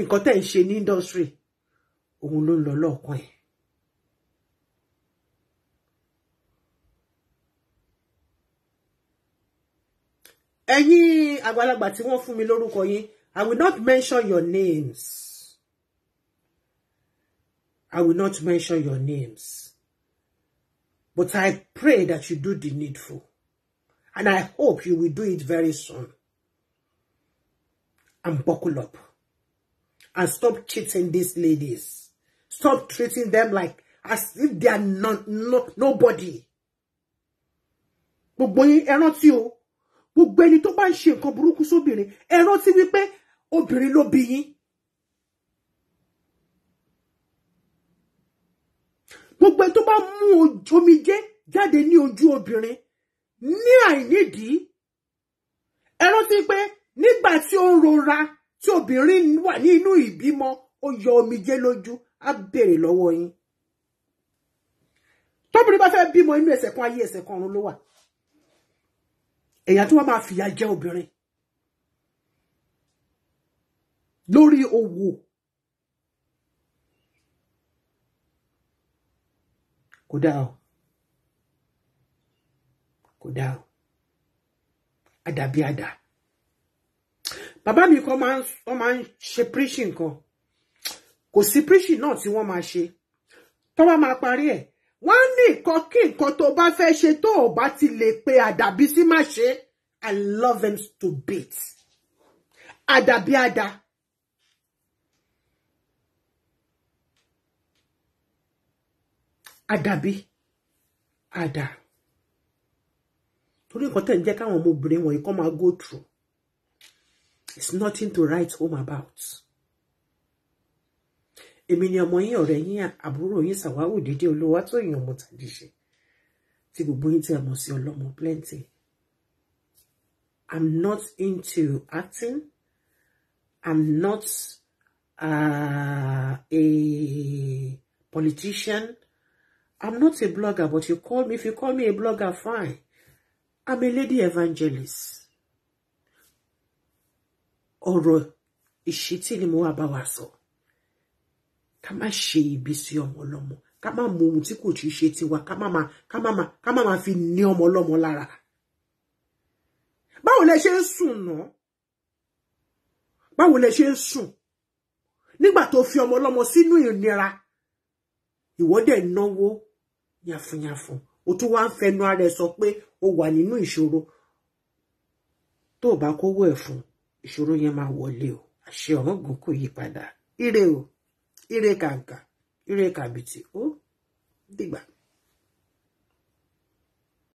nǹkan tẹ́ ń ṣe ní industry òun ló ń lọ lọ́ọ̀kan yẹn. ẹ̀yin àgbàlagbà tí wọ́n fún mi lórúkọ yín I will not mention your names I will not mention your names but I pray that you do the needful and I hope you will do it very soon and buckle up and stop cheating these ladies stop treating them like as if they are not, no, nobody gbogbo yín ẹ rántí o gbogbo ẹni tó bá ń ṣe nǹkan burúkú sóbìnrin ẹ rántí wípé obìnrin ló bí yín gbogbo ẹni tó bá mú omijé jáde ní ojú obìnrin ní àìnídìí ẹ rántí pé nígbà tí ó ń rora tí obìnrin wà ní inú ìbímọ ó yọ omijé lójú á béèrè lọ́wọ́ yín tóbìnrin bá fẹ́ bímọ inú ẹsẹ̀ kan ayé ẹsẹ̀ kan ọ̀run ló wà èèyàn tí wọ́n máa fìyà jẹ obìnrin lórí owó kò dáa o kò dáa o àdàbí àdà bàbá mi kan máa ń ṣe preaching kan kò sí preaching náà tí wọ́n máa ṣe tó máa parí ẹ̀ wọ́n ní nǹkan kí nǹkan tó bá fẹ́ ṣe tó o bá ti lè pe àdàbí sí má ṣe I love him to bits àdàbí àdá. àdàbí àdá torí nǹkan tẹ̀ ń jẹ́ káwọn ọmọbìnrin wọ̀nyí kọ́ máa go through it's nothing to write home about èmi ni ọmọ yín ọ̀rẹ́ yín àbúrò yín sàwáwò dídé olówó tó èèyàn ọmọ Tàdéṣe tí gbogbo yín tí a mọ̀ sí ọlọ́mọ plenty i'm not into acting i'm not uh, a politician i'm not a blogger but you call me if you call me a blogger fine i'm a lady evangelist ọ̀rọ̀ ìṣítí ni mo wá bá wa sọ. So ká má ṣe ibi sí ọmọ ọlọ́mọ ká má mọ ohun tí kò tún ṣe tiwa ká má máa ká má máa ká má máa fi ní ọmọ ọlọ́mọ lára báwo lẹ ṣe ń sùn náà báwo lẹ ṣe ń sùn nígbà tó fi ọmọ ọlọ́mọ sínú ìnira ìwọ dẹ̀ náwó yàfùnyàfùn o tún wá ń fẹnu ara ẹ sọ pé o wà nínú ìṣòro tó o bá kówó ẹ̀ fún ìṣòro yẹn máa wọlé o àṣẹ ọ̀rọ̀ gùn yí padà ire o ire kàǹkà ire kàbìtì ó dìgbà.